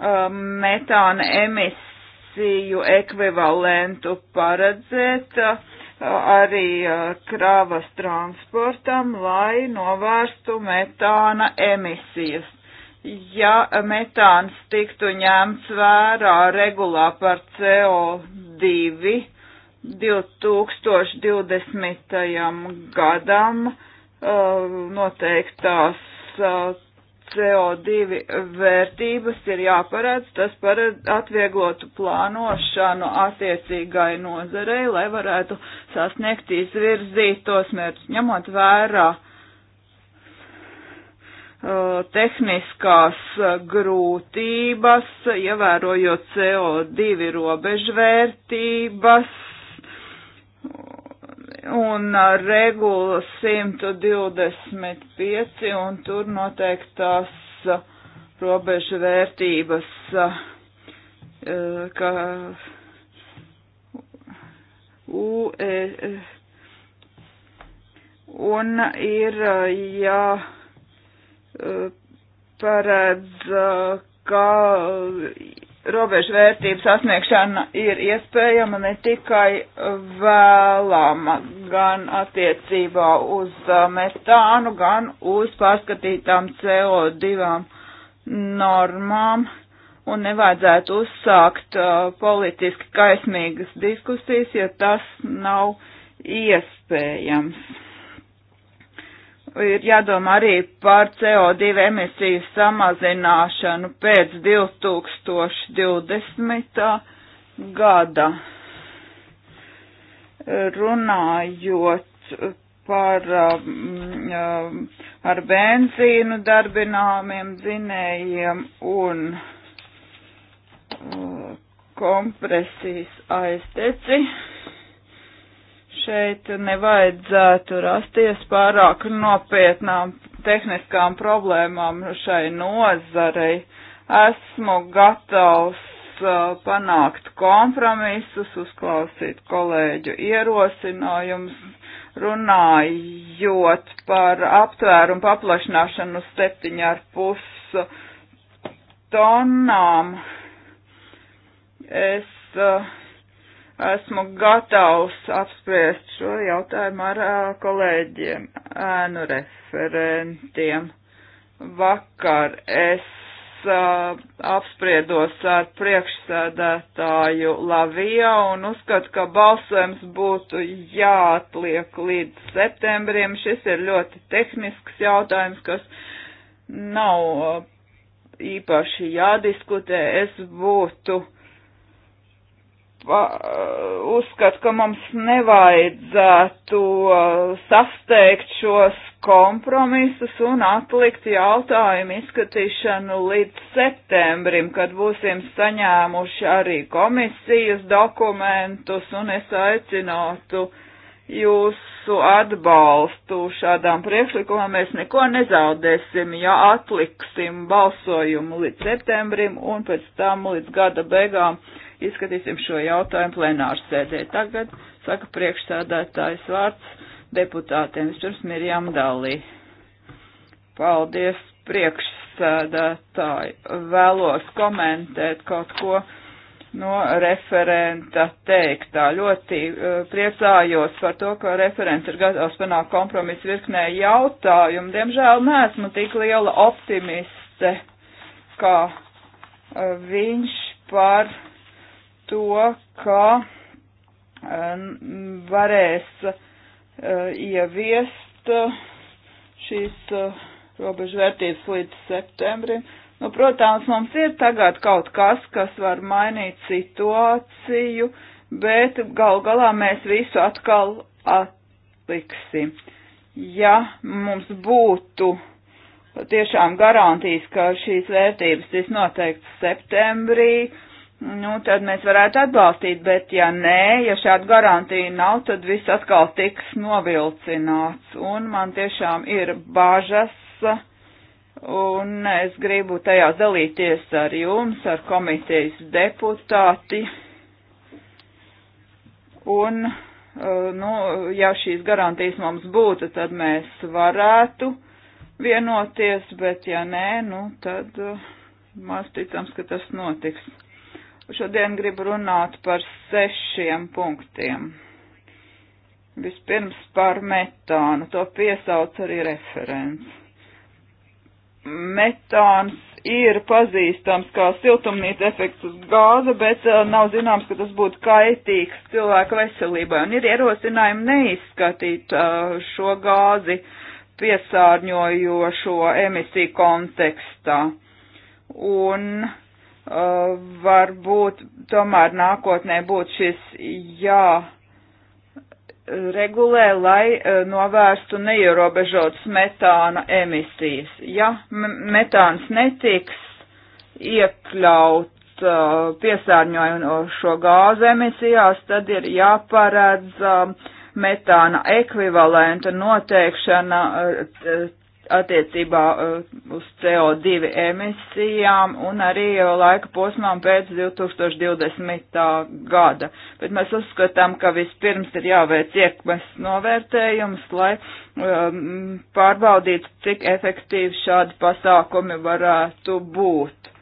um, metāna emisiju ekvivalentu paredzēt uh, arī uh, kravas transportam, lai novērstu metāna emisijas. Ja metāns tiktu ņemts vērā regulā par CO2 2020. gadam, uh, noteiktās uh, CO2 vērtības ir jāparedz, tas paredz atvieglotu plānošanu attiecīgai nozarei, lai varētu sasniegt izvirzītos mērķus, ņemot vērā uh, tehniskās grūtības, ievērojot CO2 robežvērtības un regula 125, un tur noteiktās uh, robežu vērtības, uh, uh, ka U, e, e. un ir jāparedz, ka robežu vērtību sasniegšana ir iespējama ne tikai vēlama gan attiecībā uz metānu, gan uz pārskatītām CO2 normām, un nevajadzētu uzsākt uh, politiski kaismīgas diskusijas, ja tas nav iespējams ir jādomā arī par CO2 emisiju samazināšanu pēc 2020. gada. Runājot par um, um, ar benzīnu darbināmiem dzinējiem un uh, kompresijas aizdeci. Uh, Šeit nevajadzētu rasties pārāk nopietnām tehniskām problēmām šai nozarei. Esmu gatavs uh, panākt kompromisus, uzklausīt kolēģu ierosinājumus, runājot par aptvērumu paplašināšanu uz septiņu ar pus tonām. Es uh, esmu gatavs apspriest šo jautājumu ar kolēģiem, ēnu referentiem. Vakar es a, apspriedos ar priekšsēdētāju Lavijā un uzskatu, ka balsojums būtu jāatliek līdz septembrim. Šis ir ļoti tehnisks jautājums, kas nav īpaši jādiskutē. Es būtu uh, uzskatu, ka mums nevajadzētu uh, sasteigt šos kompromisus un atlikt jautājumu izskatīšanu līdz septembrim, kad būsim saņēmuši arī komisijas dokumentus, un es aicinātu jūsu atbalstu šādām priekšlikumām. Mēs neko nezaudēsim, ja atliksim balsojumu līdz septembrim un pēc tam līdz gada beigām izskatīsim šo jautājumu plenāru sēdē. Tagad saka priekšsēdētājs vārds deputātiem. Vispirms Mirjām Dalī. Paldies, priekšsēdētāji. Vēlos komentēt kaut ko no referenta teiktā. Ļoti uh, priecājos par to, ka referents ir gatavs panākt kompromisu virknē jautājumu. Diemžēl neesmu tik liela optimiste, kā uh, viņš par to, ka varēs e, ieviest e, šīs e, robežu vērtības līdz septembrim. Nu, protams, mums ir tagad kaut kas, kas var mainīt situāciju, bet gal galā mēs visu atkal atliksim. Ja mums būtu tiešām garantijas, ka šīs vērtības tiks noteikts septembrī, uh, nu, tad mēs varētu atbalstīt, bet ja nē, ja šāda garantija nav, tad viss atkal tiks novilcināts. Un man tiešām ir bažas, un es gribu tajā dalīties ar jums, ar komitejas deputāti. Un, nu, ja šīs garantijas mums būtu, tad mēs varētu vienoties, bet ja nē, nu, tad maz ticams, ka tas notiks. Šodien gribu runāt par sešiem punktiem. Vispirms par metānu, to piesauc arī referents. Metāns ir pazīstams kā siltumnīca efekts uz gāza, bet uh, nav zināms, ka tas būtu kaitīgs cilvēka veselībai. Un ir ierosinājumi neizskatīt uh, šo gāzi piesārņojošo emisiju kontekstā. Un Uh, varbūt tomēr nākotnē būtu šis jā regulē, lai uh, novērstu neierobežotas metāna emisijas. Ja metāns netiks iekļaut uh, piesārņojošo gāzu emisijās, tad ir jāparedz um, metāna ekvivalenta noteikšana attiecībā uh, uz CO2 emisijām un arī uh, laika posmām pēc 2020. gada. Bet mēs uzskatām, ka vispirms ir jāveic iekmes novērtējums, lai um, pārbaudītu, cik efektīvi šādi pasākumi varētu būt.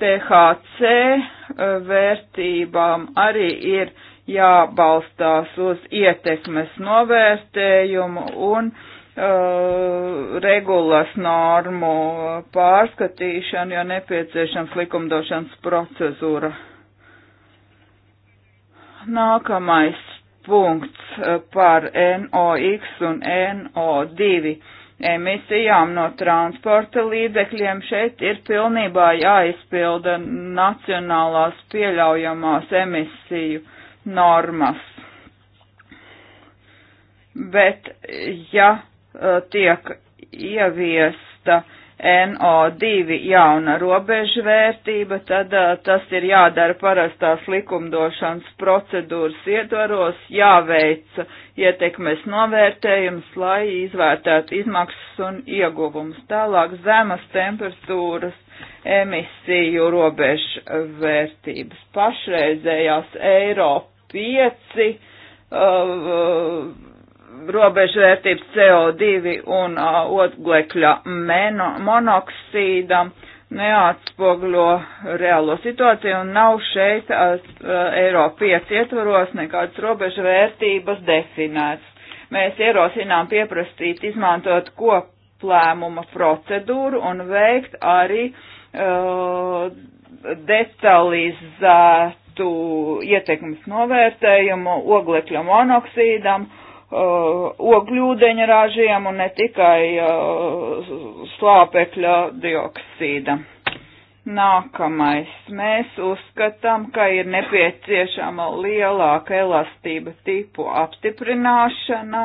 THC uh, vērtībām arī ir jābalstās uz ietekmes novērtējumu un uh, uh, regulas normu pārskatīšanu, jo nepieciešams likumdošanas procedūra. Nākamais punkts uh, par NOx un NO2 emisijām no transporta līdzekļiem šeit ir pilnībā jāizpilda nacionālās pieļaujamās emisiju normas. Bet, ja tiek ieviesta NO2 jauna robežvērtība, tad tas ir jādara parastās likumdošanas procedūras ietvaros, jāveic ietekmes novērtējums, lai izvērtētu izmaksas un ieguvumus. Tālāk zemes temperatūras emisiju robežvērtības pašreizējās Eiro 5 uh, robežvērtības CO2 un oglekļa monoksīda neatspogļo reālo situāciju un nav šeit Eiropa 5 ietvaros nekādas robežvērtības definētas. Mēs ierosinām pieprasīt izmantot koplēmuma procedūru un veikt arī uh, detalizētu ietekmes novērtējumu oglekļa monoksīdam Uh, ogļūdeņa ražiem un ne tikai uh, slāpekļa dioksīda. Nākamais. Mēs uzskatām, ka ir nepieciešama lielāka elastība tipu apstiprināšana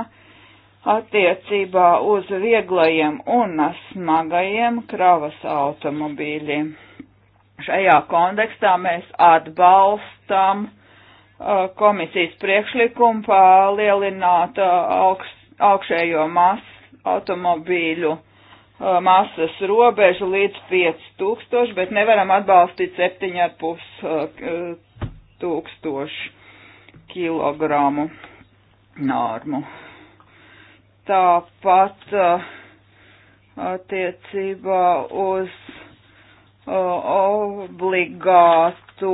attiecībā uz vieglajiem un smagajiem kravas automobīļiem. Šajā kontekstā mēs atbalstam uh, Uh, komisijas priekšlikumu palielināt uh, augst, augšējo masu automobīļu uh, masas robežu līdz 5000, bet nevaram atbalstīt 7,5 tūkstošu kilogramu normu. Tāpat attiecībā uz obligātu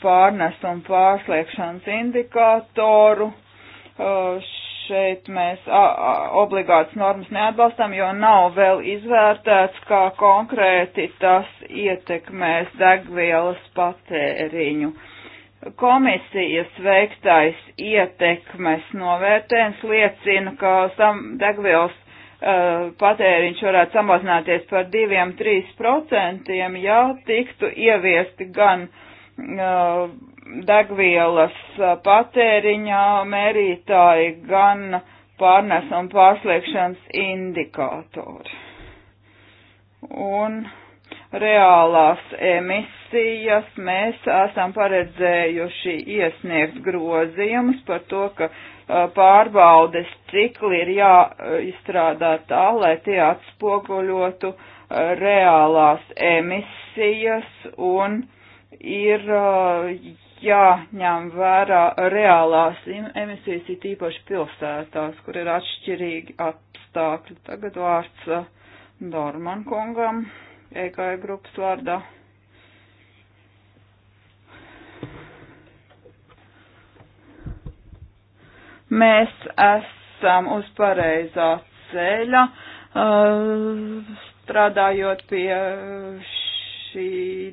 pārnes un pārslēgšanas indikātoru. Šeit mēs obligātas normas neatbalstam, jo nav vēl izvērtēts, kā konkrēti tas ietekmēs degvielas patēriņu. Komisijas veiktais ietekmes novērtējums liecina, ka degvielas Eh, patēriņš varētu samazināties par 2-3%, ja tiktu ieviesti gan eh, degvielas eh, patēriņā mērītāji, gan pārnes un pārslēgšanas indikātori. Un reālās emisijas mēs esam paredzējuši iesniegt grozījumus par to, ka uh, pārbaudes cikli ir jāizstrādā tā, lai tie atspoguļotu reālās emisijas un ir jāņem vērā reālās emisijas, it īpaši pilsētās, kur ir atšķirīgi apstākļi. Tagad vārds Dorman kungam, EKI e grupas vārdā. Mēs esam uz pareizā ceļa, uh, strādājot pie šī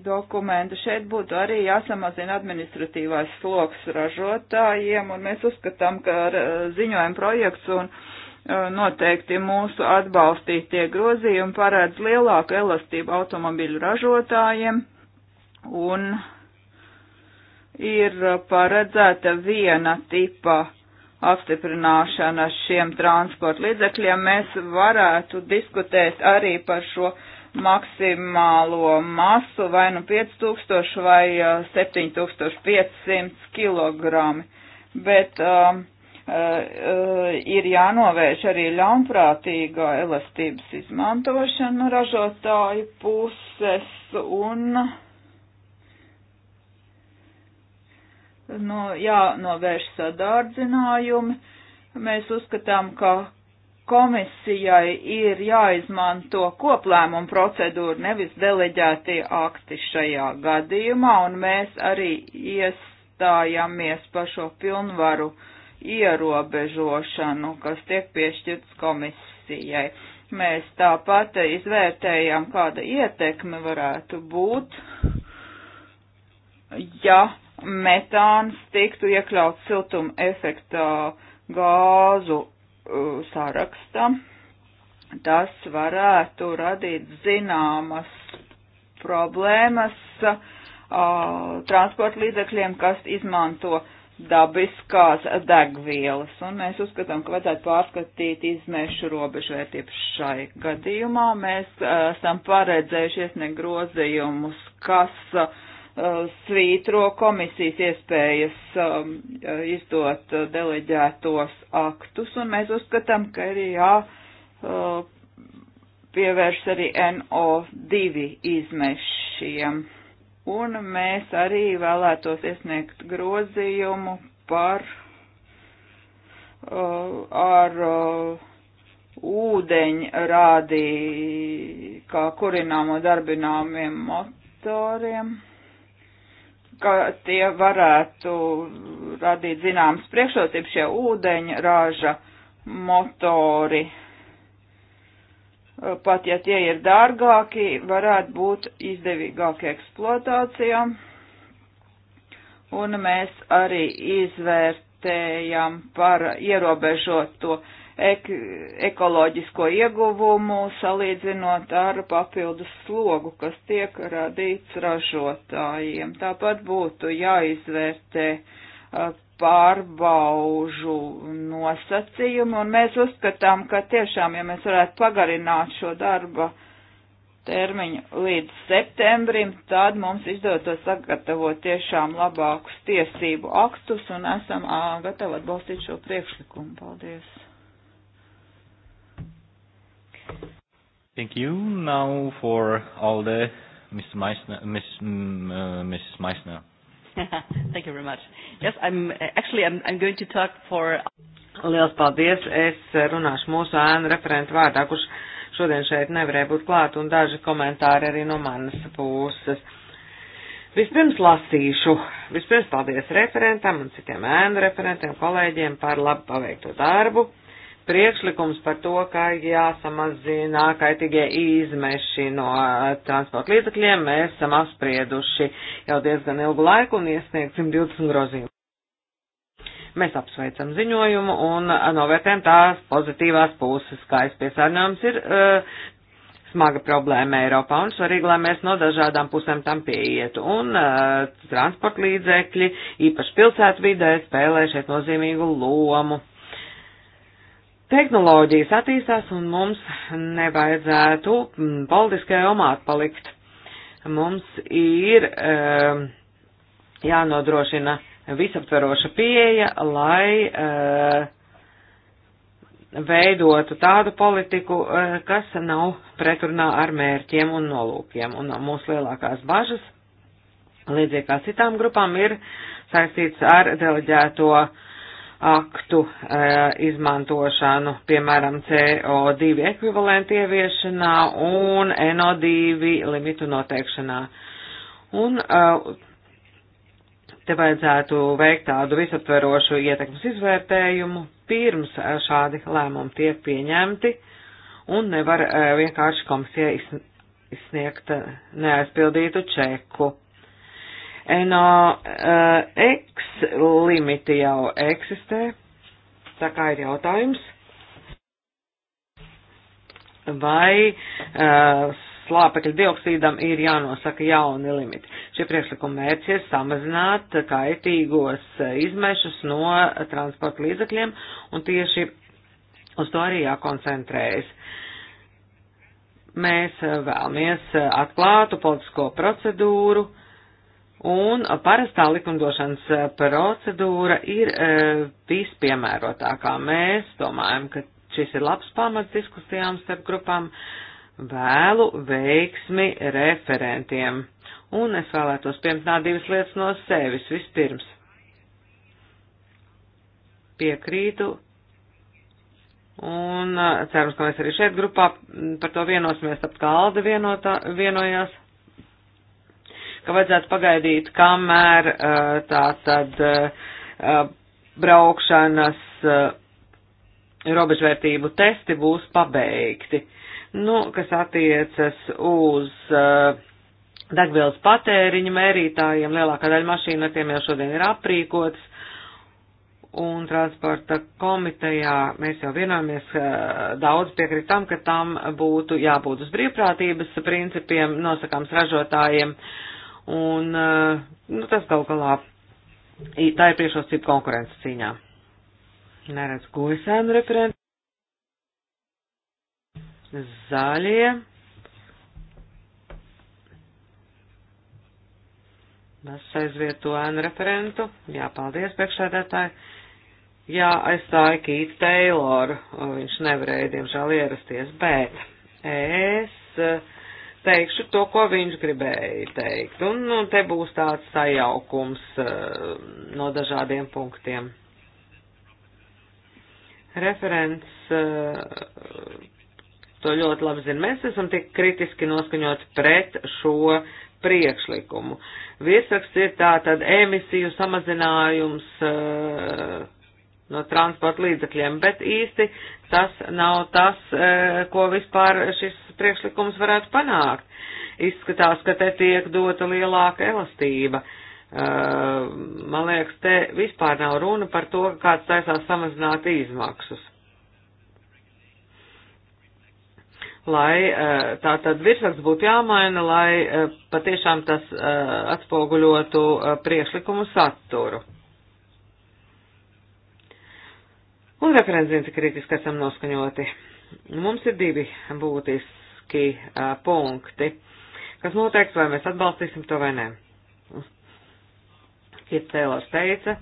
dokumenta. Šeit būtu arī jāsamazina administratīvais sloks ražotājiem, un mēs uzskatām, ka ar uh, ziņojumu projekts un uh, noteikti mūsu atbalstītie grozījumi parāds lielāku elastību automobiļu ražotājiem un ir paredzēta viena tipa apstiprināšana šiem transporta līdzekļiem, mēs varētu diskutēt arī par šo maksimālo masu vai nu 5000 vai 7500 kg. Bet um, uh, ir jānovērš arī ļaunprātīgā elastības izmantošana ražotāju puses un uh, no, jānovērš sadārdzinājumi. Mēs uzskatām, ka komisijai ir jāizmanto koplēmuma procedūra, nevis deleģētie akti šajā gadījumā, un mēs arī iestājamies par šo pilnvaru ierobežošanu, kas tiek piešķirts komisijai. Mēs tāpat izvērtējām, kāda ietekme varētu būt, ja metāns tiktu iekļauts siltuma efekta gāzu sarakstā, tas varētu radīt zināmas problēmas a, transporta līdzekļiem, kas izmanto dabiskās degvielas. Un mēs uzskatām, ka vajadzētu pārskatīt izmešu robežu vērtību šai gadījumā. Mēs a, esam paredzējuši iesniegt grozījumus, kas uh, Uh, svītro komisijas iespējas um, uh, izdot uh, deleģētos aktus, un mēs uzskatām, ka ir jā uh, pievērš arī NO2 izmešiem. Un mēs arī vēlētos iesniegt grozījumu par uh, ar uh, ūdeņrādī kā kurināmo darbināmiem motoriem ka tie varētu radīt zināmas priekšrocības šie ūdeņraža motori. Pat ja tie ir dārgāki, varētu būt izdevīgāki eksploatācijā. Un mēs arī izvērtējam par ierobežoto to ek ekoloģisko ieguvumu salīdzinot ar papildus slogu, kas tiek radīts ražotājiem. Tāpat būtu jāizvērtē pārbaužu nosacījumu, un mēs uzskatām, ka tiešām, ja mēs varētu pagarināt šo darba termiņu līdz septembrim, tad mums izdotos sagatavot tiešām labākus tiesību aktus, un esam gatavi atbalstīt šo priekšlikumu. Paldies! Thank you. Now for all the Ms. Meissner, Ms. Mm, uh, Mrs. Meissner. Thank you very much. Yes, I'm uh, actually I'm, I'm going to talk for. Liels paldies. Es runāšu mūsu ēnu referentu vārdā, kurš šodien šeit nevarēja būt klāt, un daži komentāri arī no manas puses. Vispirms lasīšu. Vispirms paldies referentam un citiem ēnu referentiem, kolēģiem par labu paveikto darbu priekšlikums par to, ka jāsamazina kaitīgie izmeši no eh, transporta līdzekļiem, mēs esam apsprieduši jau diezgan ilgu laiku un iesniegsim 20 grozījumus. Mēs apsveicam ziņojumu un eh, novērtējam tās pozitīvās puses, kā es piesārņojums ir uh, smaga problēma Eiropā un svarīgi, lai mēs no dažādām pusēm tam pieietu. Un uh, transporta līdzekļi, īpaši pilsētu vidē, spēlē šeit nozīmīgu lomu. Tehnoloģijas attīstās un mums nevajadzētu mm, politiskajā omā palikt. Mums ir um, jānodrošina visaptveroša pieeja, lai uh, veidotu tādu politiku, uh, kas nav pretrunā ar mērķiem un nolūkiem. Un mūsu lielākās bažas, līdzīgi kā citām grupām, ir saistīts ar deleģēto uh, aktu e, izmantošanu, piemēram, CO2 ekvivalentu ieviešanā un NO2 limitu noteikšanā. Un e, te vajadzētu veikt tādu visaptverošu ietekmes izvērtējumu pirms e, šādi lēmumi tiek pieņemti un nevar e, vienkārši komisija izsniegt neaizpildītu čeku. NOx limiti jau eksistē, tā kā ir jautājums, vai uh, slāpekļa dioksīdam ir jānosaka jauni limiti. Šie priekšlikumi mērķis ir samazināt kaitīgos uh, izmešus no transporta līdzakļiem, un tieši uz to arī jākoncentrējas. Mēs uh, vēlamies uh, atklātu politisko procedūru, uh, un parastā likumdošanas eh, procedūra ir eh, vispiemērotākā. Mēs domājam, ka šis ir labs pamats diskusijām starp grupām. Vēlu veiksmi referentiem. Un es vēlētos pieminēt divas lietas no sevis. Vispirms, piekrītu un eh, cerams, ka mēs arī šeit grupā par to vienosimies, tāpat kā Alde vienotā, vienojās ka vajadzētu pagaidīt, kamēr tā tad braukšanas robežvērtību testi būs pabeigti. Nu, kas attiecas uz degvielas patēriņu mērītājiem, lielākā daļa mašīna ar tiem jau šodien ir aprīkotas, un transporta komitejā mēs jau vienojamies, daudz piekrīt tam, ka tam būtu jābūt uz brīvprātības principiem, nosakāms ražotājiem. Uh, un eh, nu, tas gal galā tā ir priekšrocība konkurences cīņā. Neredz, ko es ēnu referentu. Zaļie. Es aizvietu ēnu referentu. Jā, paldies, priekšsēdētāji. Jā, aizstāja Kīts Teiloru. Viņš nevarēja, diemžēl, ierasties, bet es. Uh, teikšu to, ko viņš gribēja teikt. Un, un nu, te būs tāds sajaukums uh, no dažādiem punktiem. Referents uh, to ļoti labi zina. Mēs esam tik kritiski noskaņot pret šo priekšlikumu. Viesraksts ir tā tad emisiju samazinājums. Uh, no transporta līdzekļiem, bet īsti tas nav tas, e, ko vispār šis priekšlikums varētu panākt. Izskatās, ka te tiek dota lielāka elastība. E, man liekas, te vispār nav runa par to, ka kāds taisās samazināt izmaksas. lai e, tā tad virsraksts būtu jāmaina, lai patiešām tas atspoguļotu priekšlikumu saturu. Un referents kritiski esam noskaņoti. Mums ir divi būtiski uh, punkti, kas noteikti, vai mēs atbalstīsim to vai nē. Kits Teilors teica,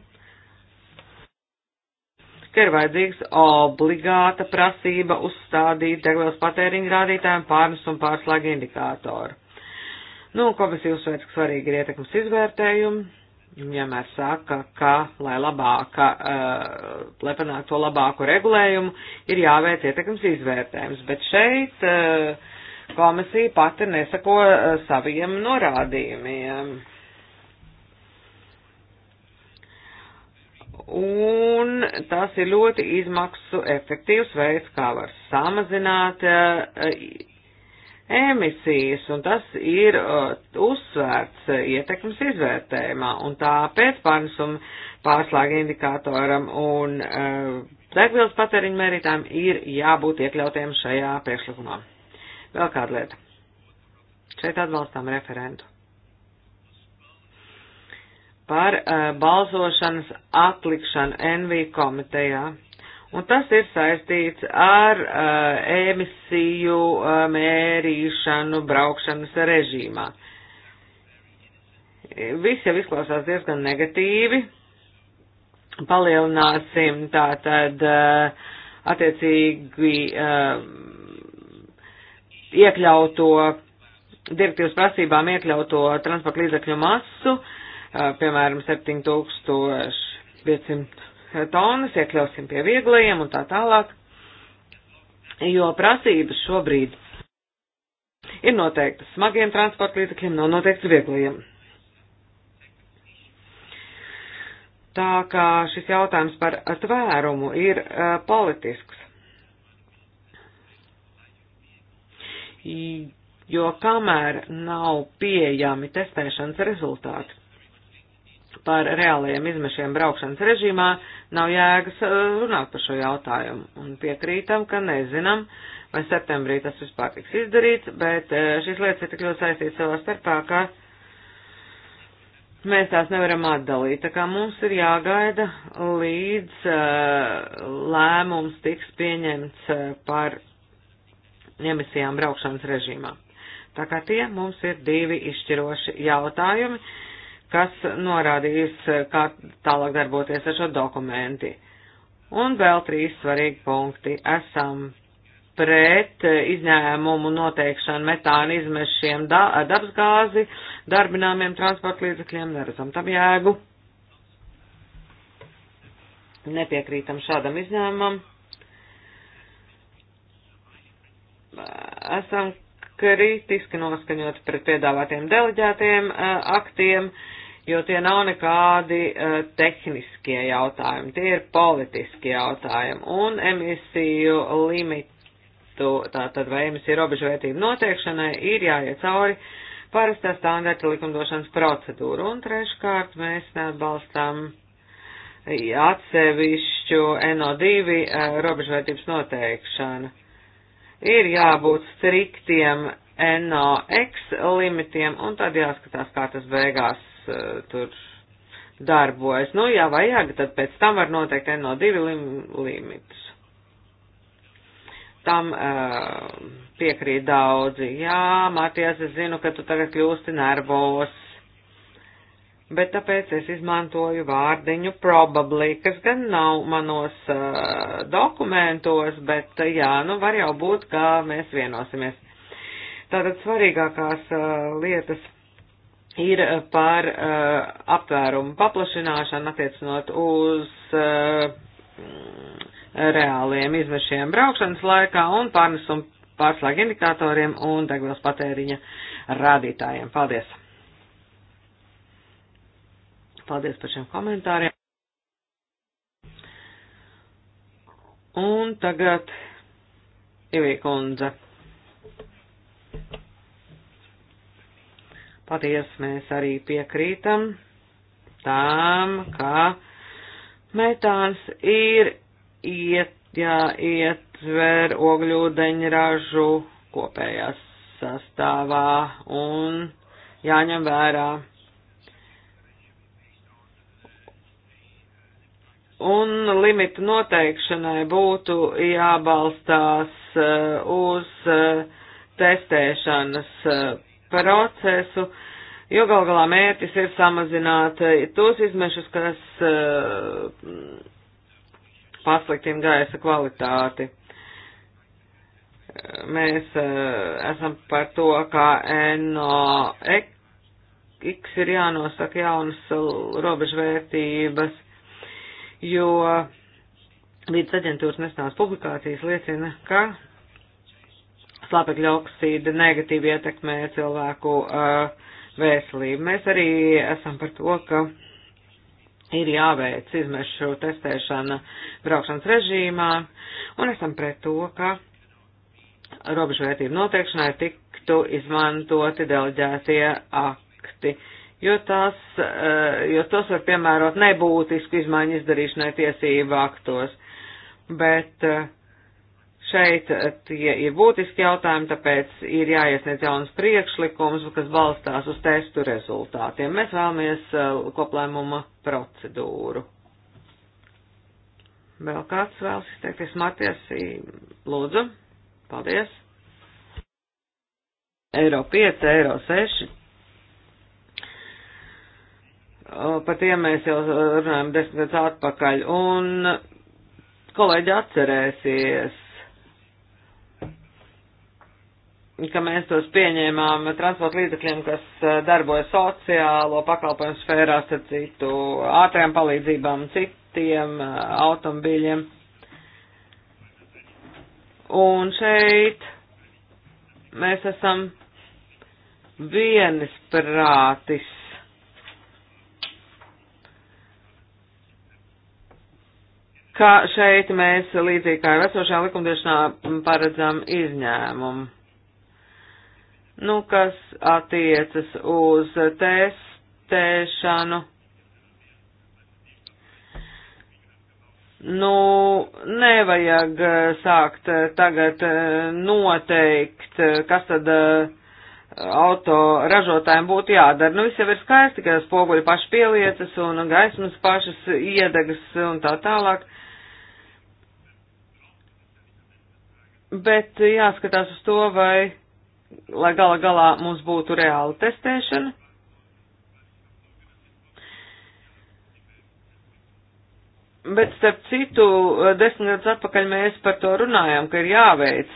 ka ir vajadzīgs obligāta prasība uzstādīt degvielas patēriņu rādītājiem pārnes un pārslēgu indikātoru. Nu, komisija uzsveic, ka svarīgi ir ietekmes izvērtējumi, vienmēr saka, ka, lai labāka, uh, lai panāktu to labāku regulējumu, ir jāveic ietekmes izvērtējums, bet šeit uh, komisija pati nesako uh, saviem norādījumiem. Un tas ir ļoti izmaksu efektīvs veids, kā var samazināt uh, emisijas, un tas ir uh, uzsvērts uh, ietekmes izvērtējumā, un tāpēc pārnesuma pārslēga indikātoram un uh, degvielas patēriņu mērītājiem ir jābūt iekļautiem šajā priekšlikumā. Vēl kāda lieta. Šeit atbalstām referentu. Par uh, balsošanas atlikšanu NV komitejā Un tas ir saistīts ar uh, emisiju uh, mērīšanu braukšanas režīmā. Viss jau izklausās diezgan negatīvi. Palielināsim tātad uh, attiecīgi uh, iekļauto direktīvas prasībām iekļauto transporta līdzekļu masu, uh, piemēram, 7500 tonnas, iekļausim pie vieglajiem un tā tālāk, jo prasības šobrīd ir noteiktas smagiem transporta līdzekļiem, nav noteiktas vieglajiem. Tā kā šis jautājums par tvērumu ir uh, politisks. Jo kamēr nav pieejami testēšanas rezultāti, par reālajiem izmešiem braukšanas režīmā, nav jēgas uh, runāt par šo jautājumu. Un piekrītam, ka nezinām, vai septembrī tas vispār tiks izdarīts, bet uh, šīs lietas ir tik ļoti saistītas savā starpā, ka mēs tās nevaram atdalīt. Tā kā mums ir jāgaida, līdz uh, lēmums tiks pieņemts par emisijām braukšanas režīmā. Tā kā tie mums ir divi izšķiroši jautājumi kas norādīs, eh, kā tālāk darboties ar šo dokumenti. Un vēl trīs svarīgi punkti. Esam pret eh, izņēmumu noteikšanu metāna izmešiem da dabasgāzi darbināmiem transporta līdzekļiem. Neredzam tam jēgu. Nepiekrītam šādam izņēmumam. Esam kritiski noskaņot pret piedāvātiem deleģētiem eh, aktiem. Uh, jo tie nav nekādi uh, tehniskie jautājumi, tie ir politiskie jautājumi. Un emisiju limitu, tātad vai emisiju robežvērtību noteikšanai ir jāiet cauri parastā standarta likumdošanas procedūra. Un treškārt mēs neatbalstam atsevišķu NO2 uh, eh, robežvērtības noteikšanu. Ir jābūt striktiem NOx limitiem, un tad jāskatās, kā tas beigās uh, tur darbojas. Nu, ja vajag, tad pēc tam var noteikt NO2 lim limitus. Tam uh, piekrīt daudzi. Jā, Matijas, es zinu, ka tu tagad kļūsti nervos. Bet tāpēc es izmantoju vārdiņu probably, kas gan nav manos uh, dokumentos, bet uh, jā, nu var jau būt, kā mēs vienosimies. Tātad svarīgākās uh, lietas ir eh, par uh, aptvērumu paplašināšanu attiecinot uz uh, reāliem izmešiem braukšanas laikā un pārnesumu pārslēgu indikatoriem un degvielas patēriņa rādītājiem. Paldies! Paldies par šiem komentāriem. Un tagad Ivī kundze. Paties, mēs arī piekrītam tām, ka metāns ir iet, jā, ietver ogļūdeņražu kopējās sastāvā un jāņem vērā. Un limita noteikšanai būtu jābalstās uh, uz uh, testēšanas uh, procesu, jo gal galā mērķis ir samazināt tos izmešus, kas eh, pasliktina gaisa kvalitāti. Mēs eh, esam par to, ka NOx ir jānosaka jaunas robežvērtības, jo vidas aģentūras nesenās publikācijas liecina, ka slāpekļa oksīda negatīvi ietekmē cilvēku uh, veselību. Mēs arī esam par to, ka ir jāveic izmešu testēšana braukšanas režīmā, un esam pret to, ka robežvērtību noteikšanai tiktu izmantoti deleģētie akti, jo, tās, jo tos var piemērot nebūtisku izmaiņu izdarīšanai tiesību aktos. Bet uh, Šeit eh, tie ir būtiski jautājumi, tāpēc ir jāiesniedz jaunas priekšlikums, kas balstās uz testu rezultātiem. Mēs vēlamies eh, koplēmuma procedūru. Vēl kāds vēlas izteikties? Maties, lūdzu. Paldies. Eiro 5, eiro 6. Par tiem mēs jau runājam desmit gadus atpakaļ. Un kolēģi atcerēsies, ka mēs tos pieņēmām transporta līdzekļiem, kas eh, darbojas sociālo pakalpojumu sfērās, tad citu ātrām palīdzībām, citiem eh, automobīļiem. Un šeit mēs esam vienis prātis. Kā šeit mēs līdzīgi kā jau esošajā likumdošanā paredzam izņēmumu. Nu, kas attiecas uz testēšanu. nu, nevajag sākt tagad eh, noteikt, eh, kas tad eh, auto ražotājiem būtu jādara. Nu, viss jau ir skaisti, ka spoguļi paši pieliecas un gaismas pašas iedegas un tā tālāk. Bet jāskatās uz to, vai lai gala galā mums būtu reāla testēšana. Bet, starp citu, desmit gadus atpakaļ mēs par to runājām, ka ir jāveic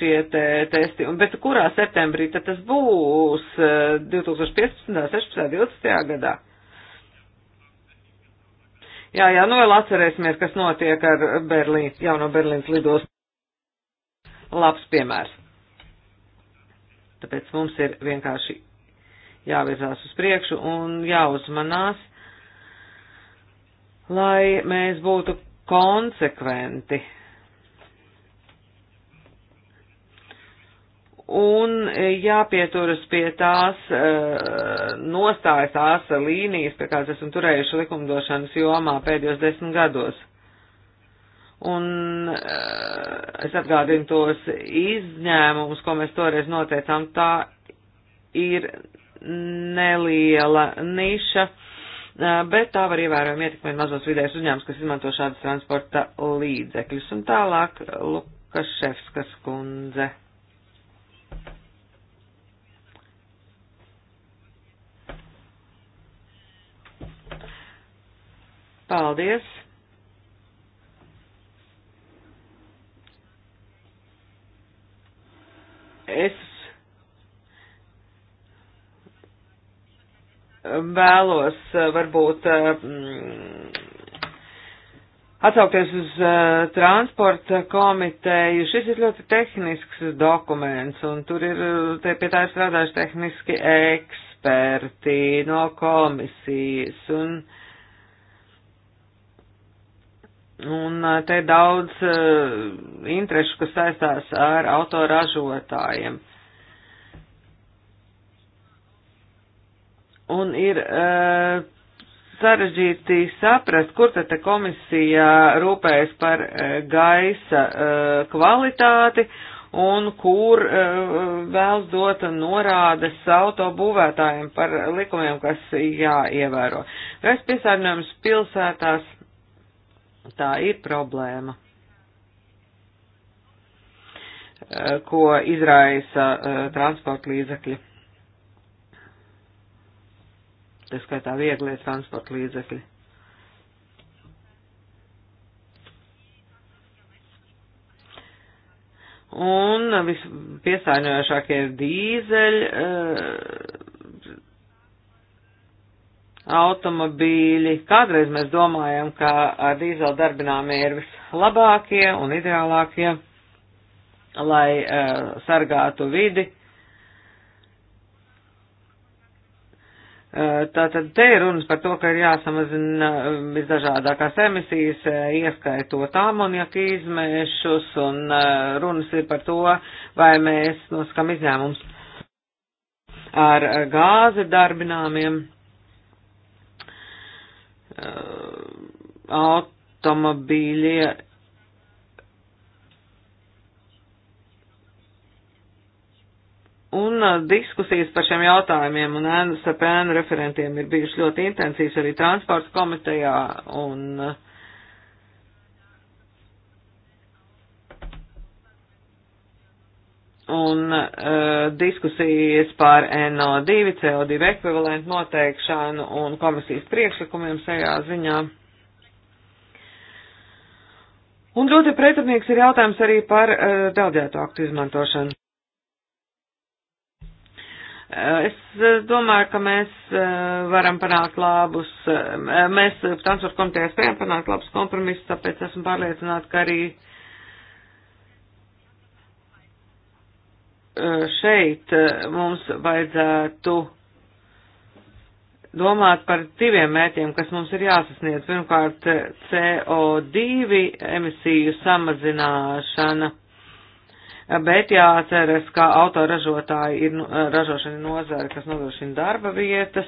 šie te testi. Bet kurā septembrī tad tas būs? 2015., 16., 20. gadā? Jā, jā, nu vēl atcerēsimies, kas notiek ar Berlīnu, jauno Berlīnas lidos. Labs piemērs. Tāpēc mums ir vienkārši jāvirzās uz priekšu un jāuzmanās, lai mēs būtu konsekventi. Un jāpieturas pie tās eh, nostājas, tās līnijas, pie kādas esmu turējuši likumdošanas jomā pēdējos desmit gados. Un eh, es atgādinu tos izņēmumus, ko mēs toreiz noteicām, tā ir neliela niša, eh, bet tā var ievērojami ietekmēt mazos vidējos uzņēmumus, kas izmanto šādas transporta līdzekļus. Un tālāk Lukaševskas kundze. Paldies! Es vēlos eh, varbūt eh, mm, atsaukties uz eh, transporta komiteju. Šis ir ļoti tehnisks dokuments, un tur ir, te pie tā ir strādājuši tehniski eksperti no komisijas, un uh, Un eh, te ir daudz uh, interešu, kas saistās ar autoražotājiem. Un ir uh, sarežģīti saprast, kur tad te komisija rūpējas par gaisa kvalitāti un kur vēlas dot norādes autobūvētājiem par likumiem, kas jāievēro. Gaisa piesārņojums pilsētās tā ir problēma, eh, ko izraisa eh, transporta līdzekļi. Tas skaitā vieglie transporta līdzekļi. Un vispiesāņojošākie ir dīzeļi eh, automobīļi. Kādreiz mēs domājam, ka ar dīzeli darbināmie ir vislabākie un ideālākie, lai uh, sargātu vidi. Uh, Tātad te ir runas par to, ka ir jāsamazina eh, visdažādākās emisijas, ieskaitot amoniaka izmēšus, un uh, runas ir par to, vai mēs noskam izņēmums ar gāzi darbināmiem Uh, automobīļie Un uh, diskusijas par šiem jautājumiem un ēnu starp ēnu referentiem ir bijušas ļoti intensīvas arī transporta komitejā un uh, un uh, diskusijas par NO2, CO2 ekvivalentu noteikšanu un komisijas priekšlikumiem šajā ziņā. Un ļoti pretrunīgs ir jautājums arī par uh, eh, daudzēto aktu izmantošanu. Uh, es uh, domāju, ka mēs uh, varam panākt labus, uh, mēs transporta komitejā spējam panākt labus kompromisus, tāpēc esmu pārliecināta, ka arī uh, Eh, šeit eh, mums vajadzētu domāt par diviem mērķiem, kas mums ir jāsasniedz. Pirmkārt, CO2 emisiju samazināšana, bet jāatceras, ka autoražotāji ir nu, eh, ražošana nozara, kas nodrošina darba vietas,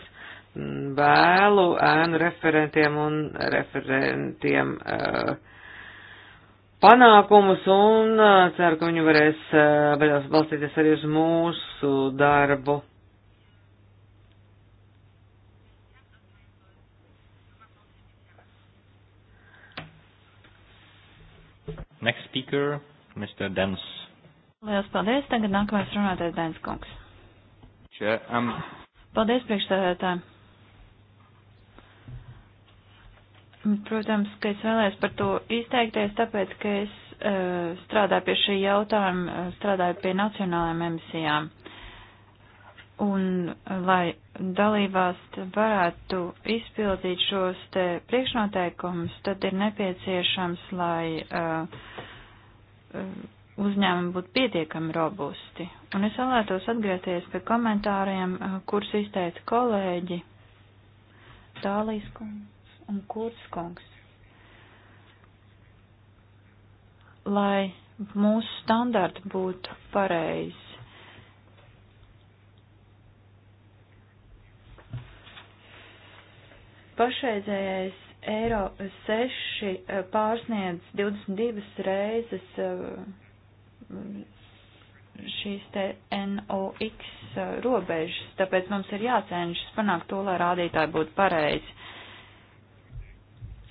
vēlu ēnu referentiem un referentiem. Uh, panākumus un eh, ceru, ka viņi varēs eh, balstīties arī uz mūsu darbu. Next speaker, Mr. Dems. Lielas paldies. Tagad nākamais runātais Dens Kungs. Čia, um... Paldies priekšstādētājiem. Protams, ka es vēlējos par to izteikties, tāpēc, ka es uh, strādāju pie šī jautājuma, eh, strādāju pie nacionālajām emisijām. Un, eh, lai dalībās varētu izpildīt šos te priekšnoteikumus, tad ir nepieciešams, lai uh, uzņēmumi būtu pietiekami robusti. Un es vēlētos atgriezties pie komentāriem, uh, kurus izteica kolēģi Tālīs kundze un Kurts kungs. Lai mūsu standarti būtu pareizi. Pašreizējais eiro 6 eh, pārsniedz 22 reizes eh, šīs te NOx eh, robežas, tāpēc mums ir jācenšas panākt to, lai rādītāji būtu pareizi.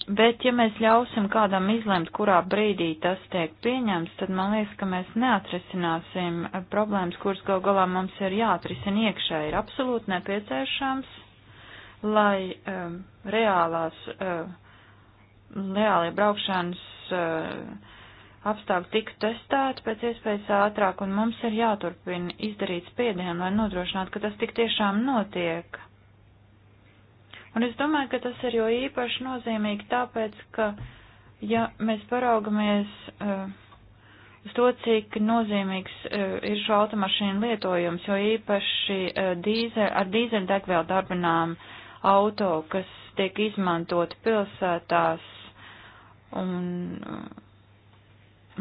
Bet, ja mēs ļausim kādam izlemt, kurā brīdī tas tiek pieņemts, tad man liekas, ka mēs neatrisināsim problēmas, kuras gal galā mums ir jāatrisina iekšē, ir absolūti nepieciešams, lai um, reālās, uh, reālie braukšanas uh, apstākļi tiktu testēti pēc iespējas ātrāk, un mums ir jāturpina izdarīt spiedienu, lai nodrošinātu, ka tas tik tiešām notiek. Uh, Un es domāju, ka tas ir jo īpaši nozīmīgi tāpēc, ka, ja mēs paraugamies uh, uz to, cik nozīmīgs uh, ir šo automašīnu lietojums, jo īpaši uh, dīze, ar dīzeļdegvielu darbinām auto, kas tiek izmantot pilsētās un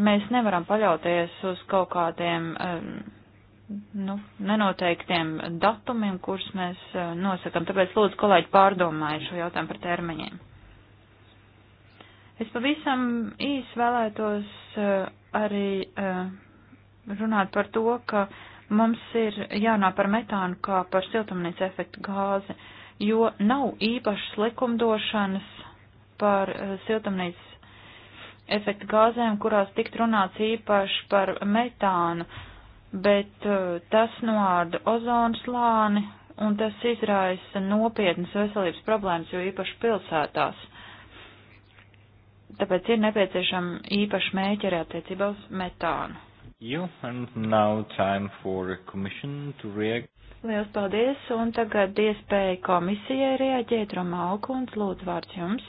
mēs nevaram paļauties uz kaut kādiem um, nu, nenoteiktiem datumiem, kurus mēs e, nosakam. Tāpēc lūdzu, kolēģi, pārdomājiet šo jautājumu par termiņiem. Es pavisam īsi vēlētos e, arī e, runāt par to, ka mums ir jārunā par metānu kā par siltumnīca efektu gāzi, jo nav īpašas likumdošanas par siltumnīca efektu gāzēm, kurās tikt runāts īpaši par metānu. Uh, bet uh, tas noārda ozonu slāni un tas izraisa nopietnas veselības problēmas, jo īpaši pilsētās. Tāpēc ir nepieciešama īpaša mēķeri attiecībā uz metānu. You, Liels paldies, un tagad iespēja komisijai reaģēt, Romalkunds, lūdzu vārds jums.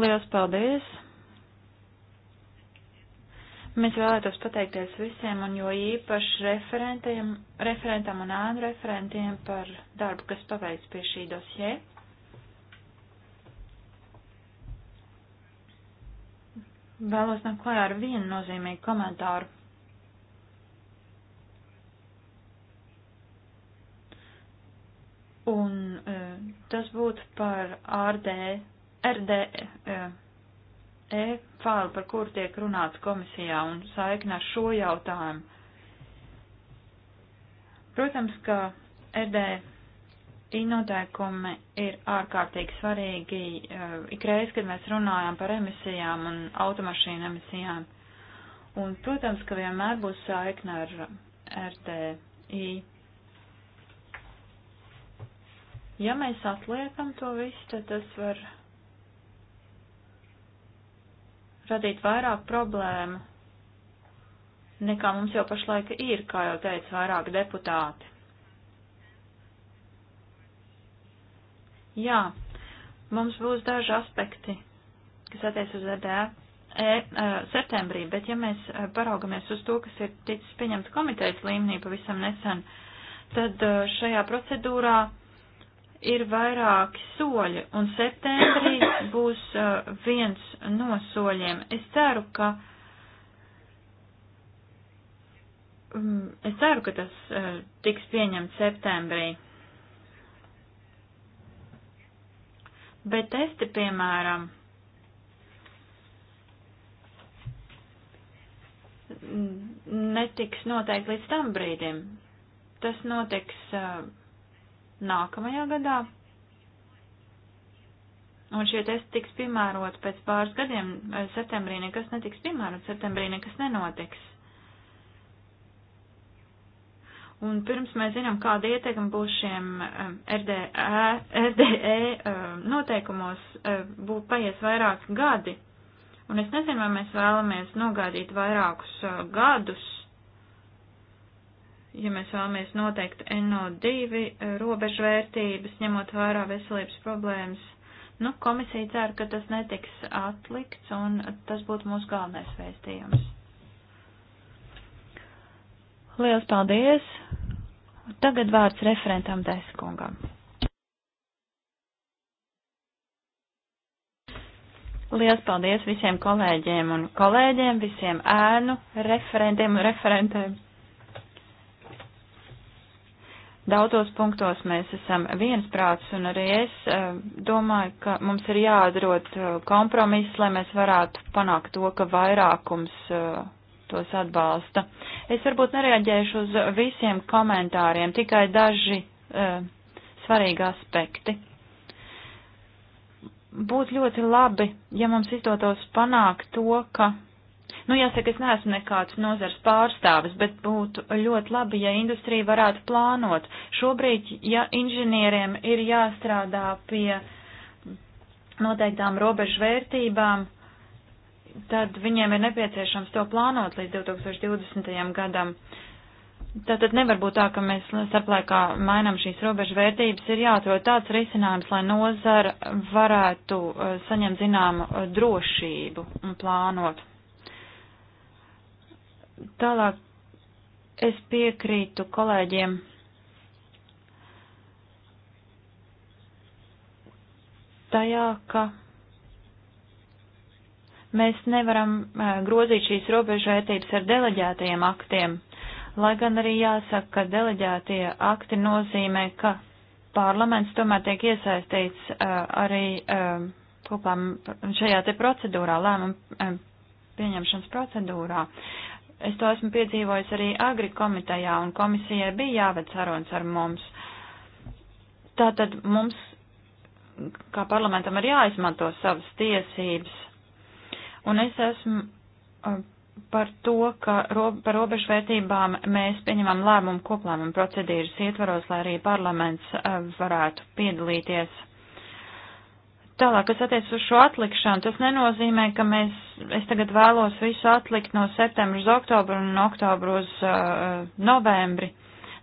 Liels paldies, Mēs vēlētos pateikties visiem un jo īpaši referentam un ānu referentiem par darbu, kas paveikts pie šī dosjē. Vēlos nākt klājā ar vienu nozīmīgu komentāru. Un eh, tas būtu par RD, RD eh, e-fālu, par kuru tiek runāts komisijā un saikni ar šo jautājumu. Protams, ka RDI noteikumi ir ārkārtīgi svarīgi e, ikreiz, kad mēs runājam par emisijām un automašīnu emisijām. Un, protams, ka vienmēr būs saikne ar RDI. Ja mēs atliekam to visu, tad tas var radīt vairāk problēmu, nekā mums jau pašlaik ir, kā jau teica vairāk deputāti. Jā, mums būs daži aspekti, kas attiec uz EDF e, e eh, septembrī, bet ja mēs eh, paraugamies uz to, kas ir ticis pieņemts komitejas līmenī pavisam nesen, tad eh, šajā procedūrā ir vairāki soļi, un septembrī būs uh, viens no soļiem. Es ceru, ka um, es ceru, ka tas uh, tiks pieņemts septembrī. Bet testi, piemēram, netiks noteikti līdz tam brīdim. Tas notiks uh, nākamajā gadā. Un šie testi tiks piemērot pēc pāris gadiem, septembrī nekas netiks piemērot, septembrī nekas nenotiks. Un pirms mēs zinām, kāda ieteikuma būs šiem um, RDE, RDE um, noteikumos, um, būs paies vairāki gadi. Un es nezinu, vai mēs vēlamies nogādīt vairākus uh, gadus ja mēs vēlamies noteikt NO2 eh, robežvērtības, ņemot vērā veselības problēmas, nu, komisija cer, ka tas netiks atlikts, un tas būtu mūsu galvenais vēstījums. Liels paldies! Tagad vārds referentam Deskungam. Liels paldies visiem kolēģiem un kolēģiem, visiem ēnu referentiem un referentēm Daudzos punktos mēs esam viensprāts, un arī es eh, domāju, ka mums ir jāatrod eh, kompromiss, lai mēs varētu panākt to, ka vairākums eh, tos atbalsta. Es varbūt nereaģēšu uz visiem komentāriem, tikai daži svarīgi aspekti būtu ļoti labi, ja mums izdotos panākt to, ka Nu, jāsaka, es neesmu nekāds nozars pārstāvis, bet būtu ļoti labi, ja industrija varētu plānot. Šobrīd, ja inženieriem ir jāstrādā pie noteiktām robežu vērtībām, tad viņiem ir nepieciešams to plānot līdz 2020. gadam. Tātad nevar būt tā, ka mēs saplēkā mainām šīs robežu vērtības. Ir jāatrod tāds risinājums, lai nozara varētu eh, saņemt zināmu drošību un plānot. Tālāk es piekrītu kolēģiem. Tajā, ka mēs nevaram grozīt šīs robežvērtības ar deleģētajiem aktiem, lai gan arī jāsaka, ka deleģētie akti nozīmē, ka parlaments tomēr tiek iesaistīts arī kopā šajā te procedūrā, lēmumu pieņemšanas procedūrā. Es to esmu piedzīvojis arī agri komitejā, un komisijai bija jāved sarunas ar mums. Tātad mums, kā parlamentam, ir jāizmanto savas tiesības. Un es esmu uh, par to, ka ro par robežvērtībām mēs pieņemam lēmumu koplēmumu procedīras ietvaros, lai arī parlaments uh, varētu piedalīties Tālāk, kas attiec uz šo atlikšanu, tas nenozīmē, ka mēs, es tagad vēlos visu atlikt no septembra uz oktobru un no oktobru uz uh, novembri.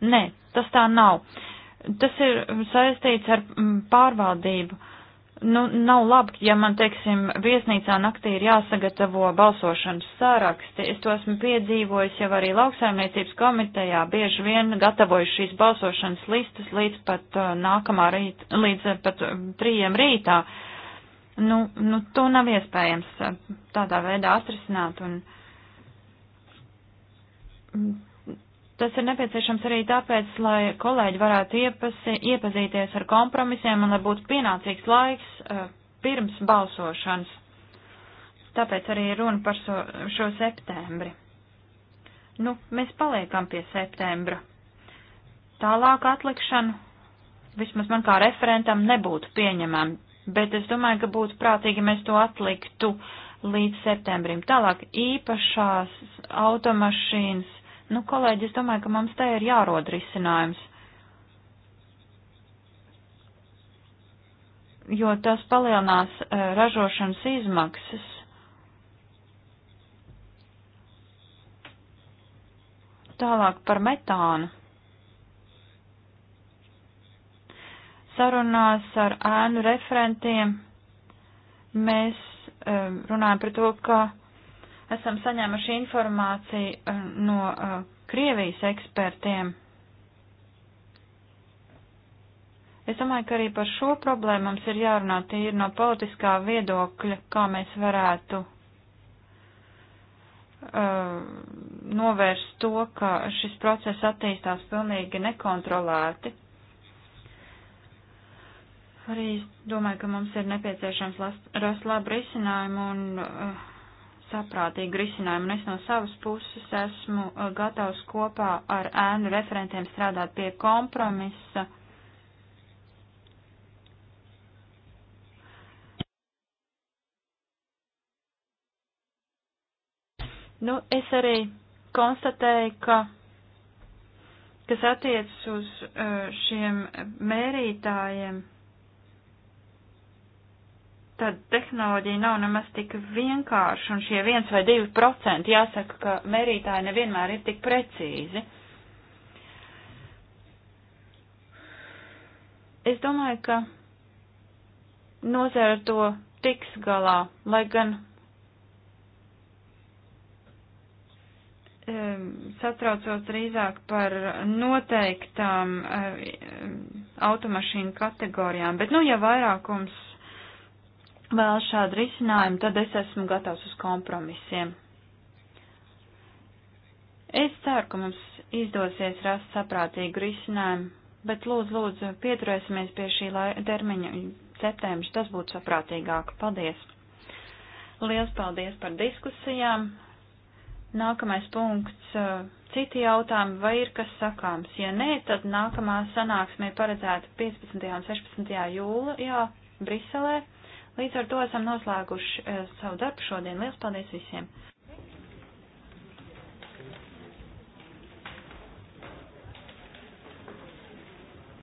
Nē, tas tā nav. Tas ir saistīts ar mm, pārvaldību. Nu, nav labi, ja man, teiksim, viesnīcā naktī ir jāsagatavo balsošanas sāraksti. Es to esmu piedzīvojis jau arī lauksaimniecības komitejā. Bieži vien gatavoju šīs balsošanas listas līdz pat uh, nākamā rīt, līdz uh, pat uh, trījiem rītā. Uh, nu, nu, to nav iespējams uh, tādā veidā atrisināt. Un mm, tas ir nepieciešams arī tāpēc, lai kolēģi varētu iepasi, iepazīties ar kompromisiem un lai būtu pienācīgs laiks uh, pirms balsošanas. Tāpēc arī runa par so, šo septembri. Nu, mēs paliekam pie septembra. Tālāk atlikšanu vismaz man kā referentam nebūtu pieņemama bet es domāju, ka būtu prātīgi, ja mēs to atliktu līdz septembrim. Tālāk īpašās automašīnas. Nu, kolēģi, es domāju, ka mums te ir jārod risinājums. Jo tas palielinās e, ražošanas izmaksas. Tālāk par metānu. sarunās ar ēnu referentiem mēs um, runājam par to, ka esam saņēmuši informāciju um, no uh, Krievijas ekspertiem. Es domāju, ka arī par šo problēmu mums ir jārunā tīri no politiskā viedokļa, kā mēs varētu uh, novērst to, ka šis process attīstās pilnīgi nekontrolēti. Arī domāju, ka mums ir nepieciešams rast labu risinājumu un uh, saprātīgu risinājumu. Un es no savas puses esmu uh, gatavs kopā ar ēnu referentiem strādāt pie kompromisa. Nu, es arī konstatēju, ka, kas attiecas uz uh, šiem mērītājiem, tad tehnoloģija nav nemaz tik vienkārša, un šie viens vai divi procenti jāsaka, ka mērītāji nevienmēr ir tik precīzi. Es domāju, ka nozēra to tiks galā, lai gan satraucos drīzāk par noteiktām automašīnu kategorijām, bet nu, ja vairākums vēl šādu risinājumu, tad es esmu gatavs uz kompromisiem. Es ceru, ka mums izdosies rast saprātīgu risinājumu, bet lūdzu, lūdzu, pieturēsimies pie šī termiņa septembris, tas būtu saprātīgāk. Paldies! Liels paldies par diskusijām! Nākamais punkts uh, - citi jautājumi, vai ir kas sakāms? Ja nē, tad nākamā sanāksme ir paredzēta 15. un 16. jūlijā Briselē. Līdz ar to esam noslēguši eh, savu darbu šodien. Lielas paldies visiem!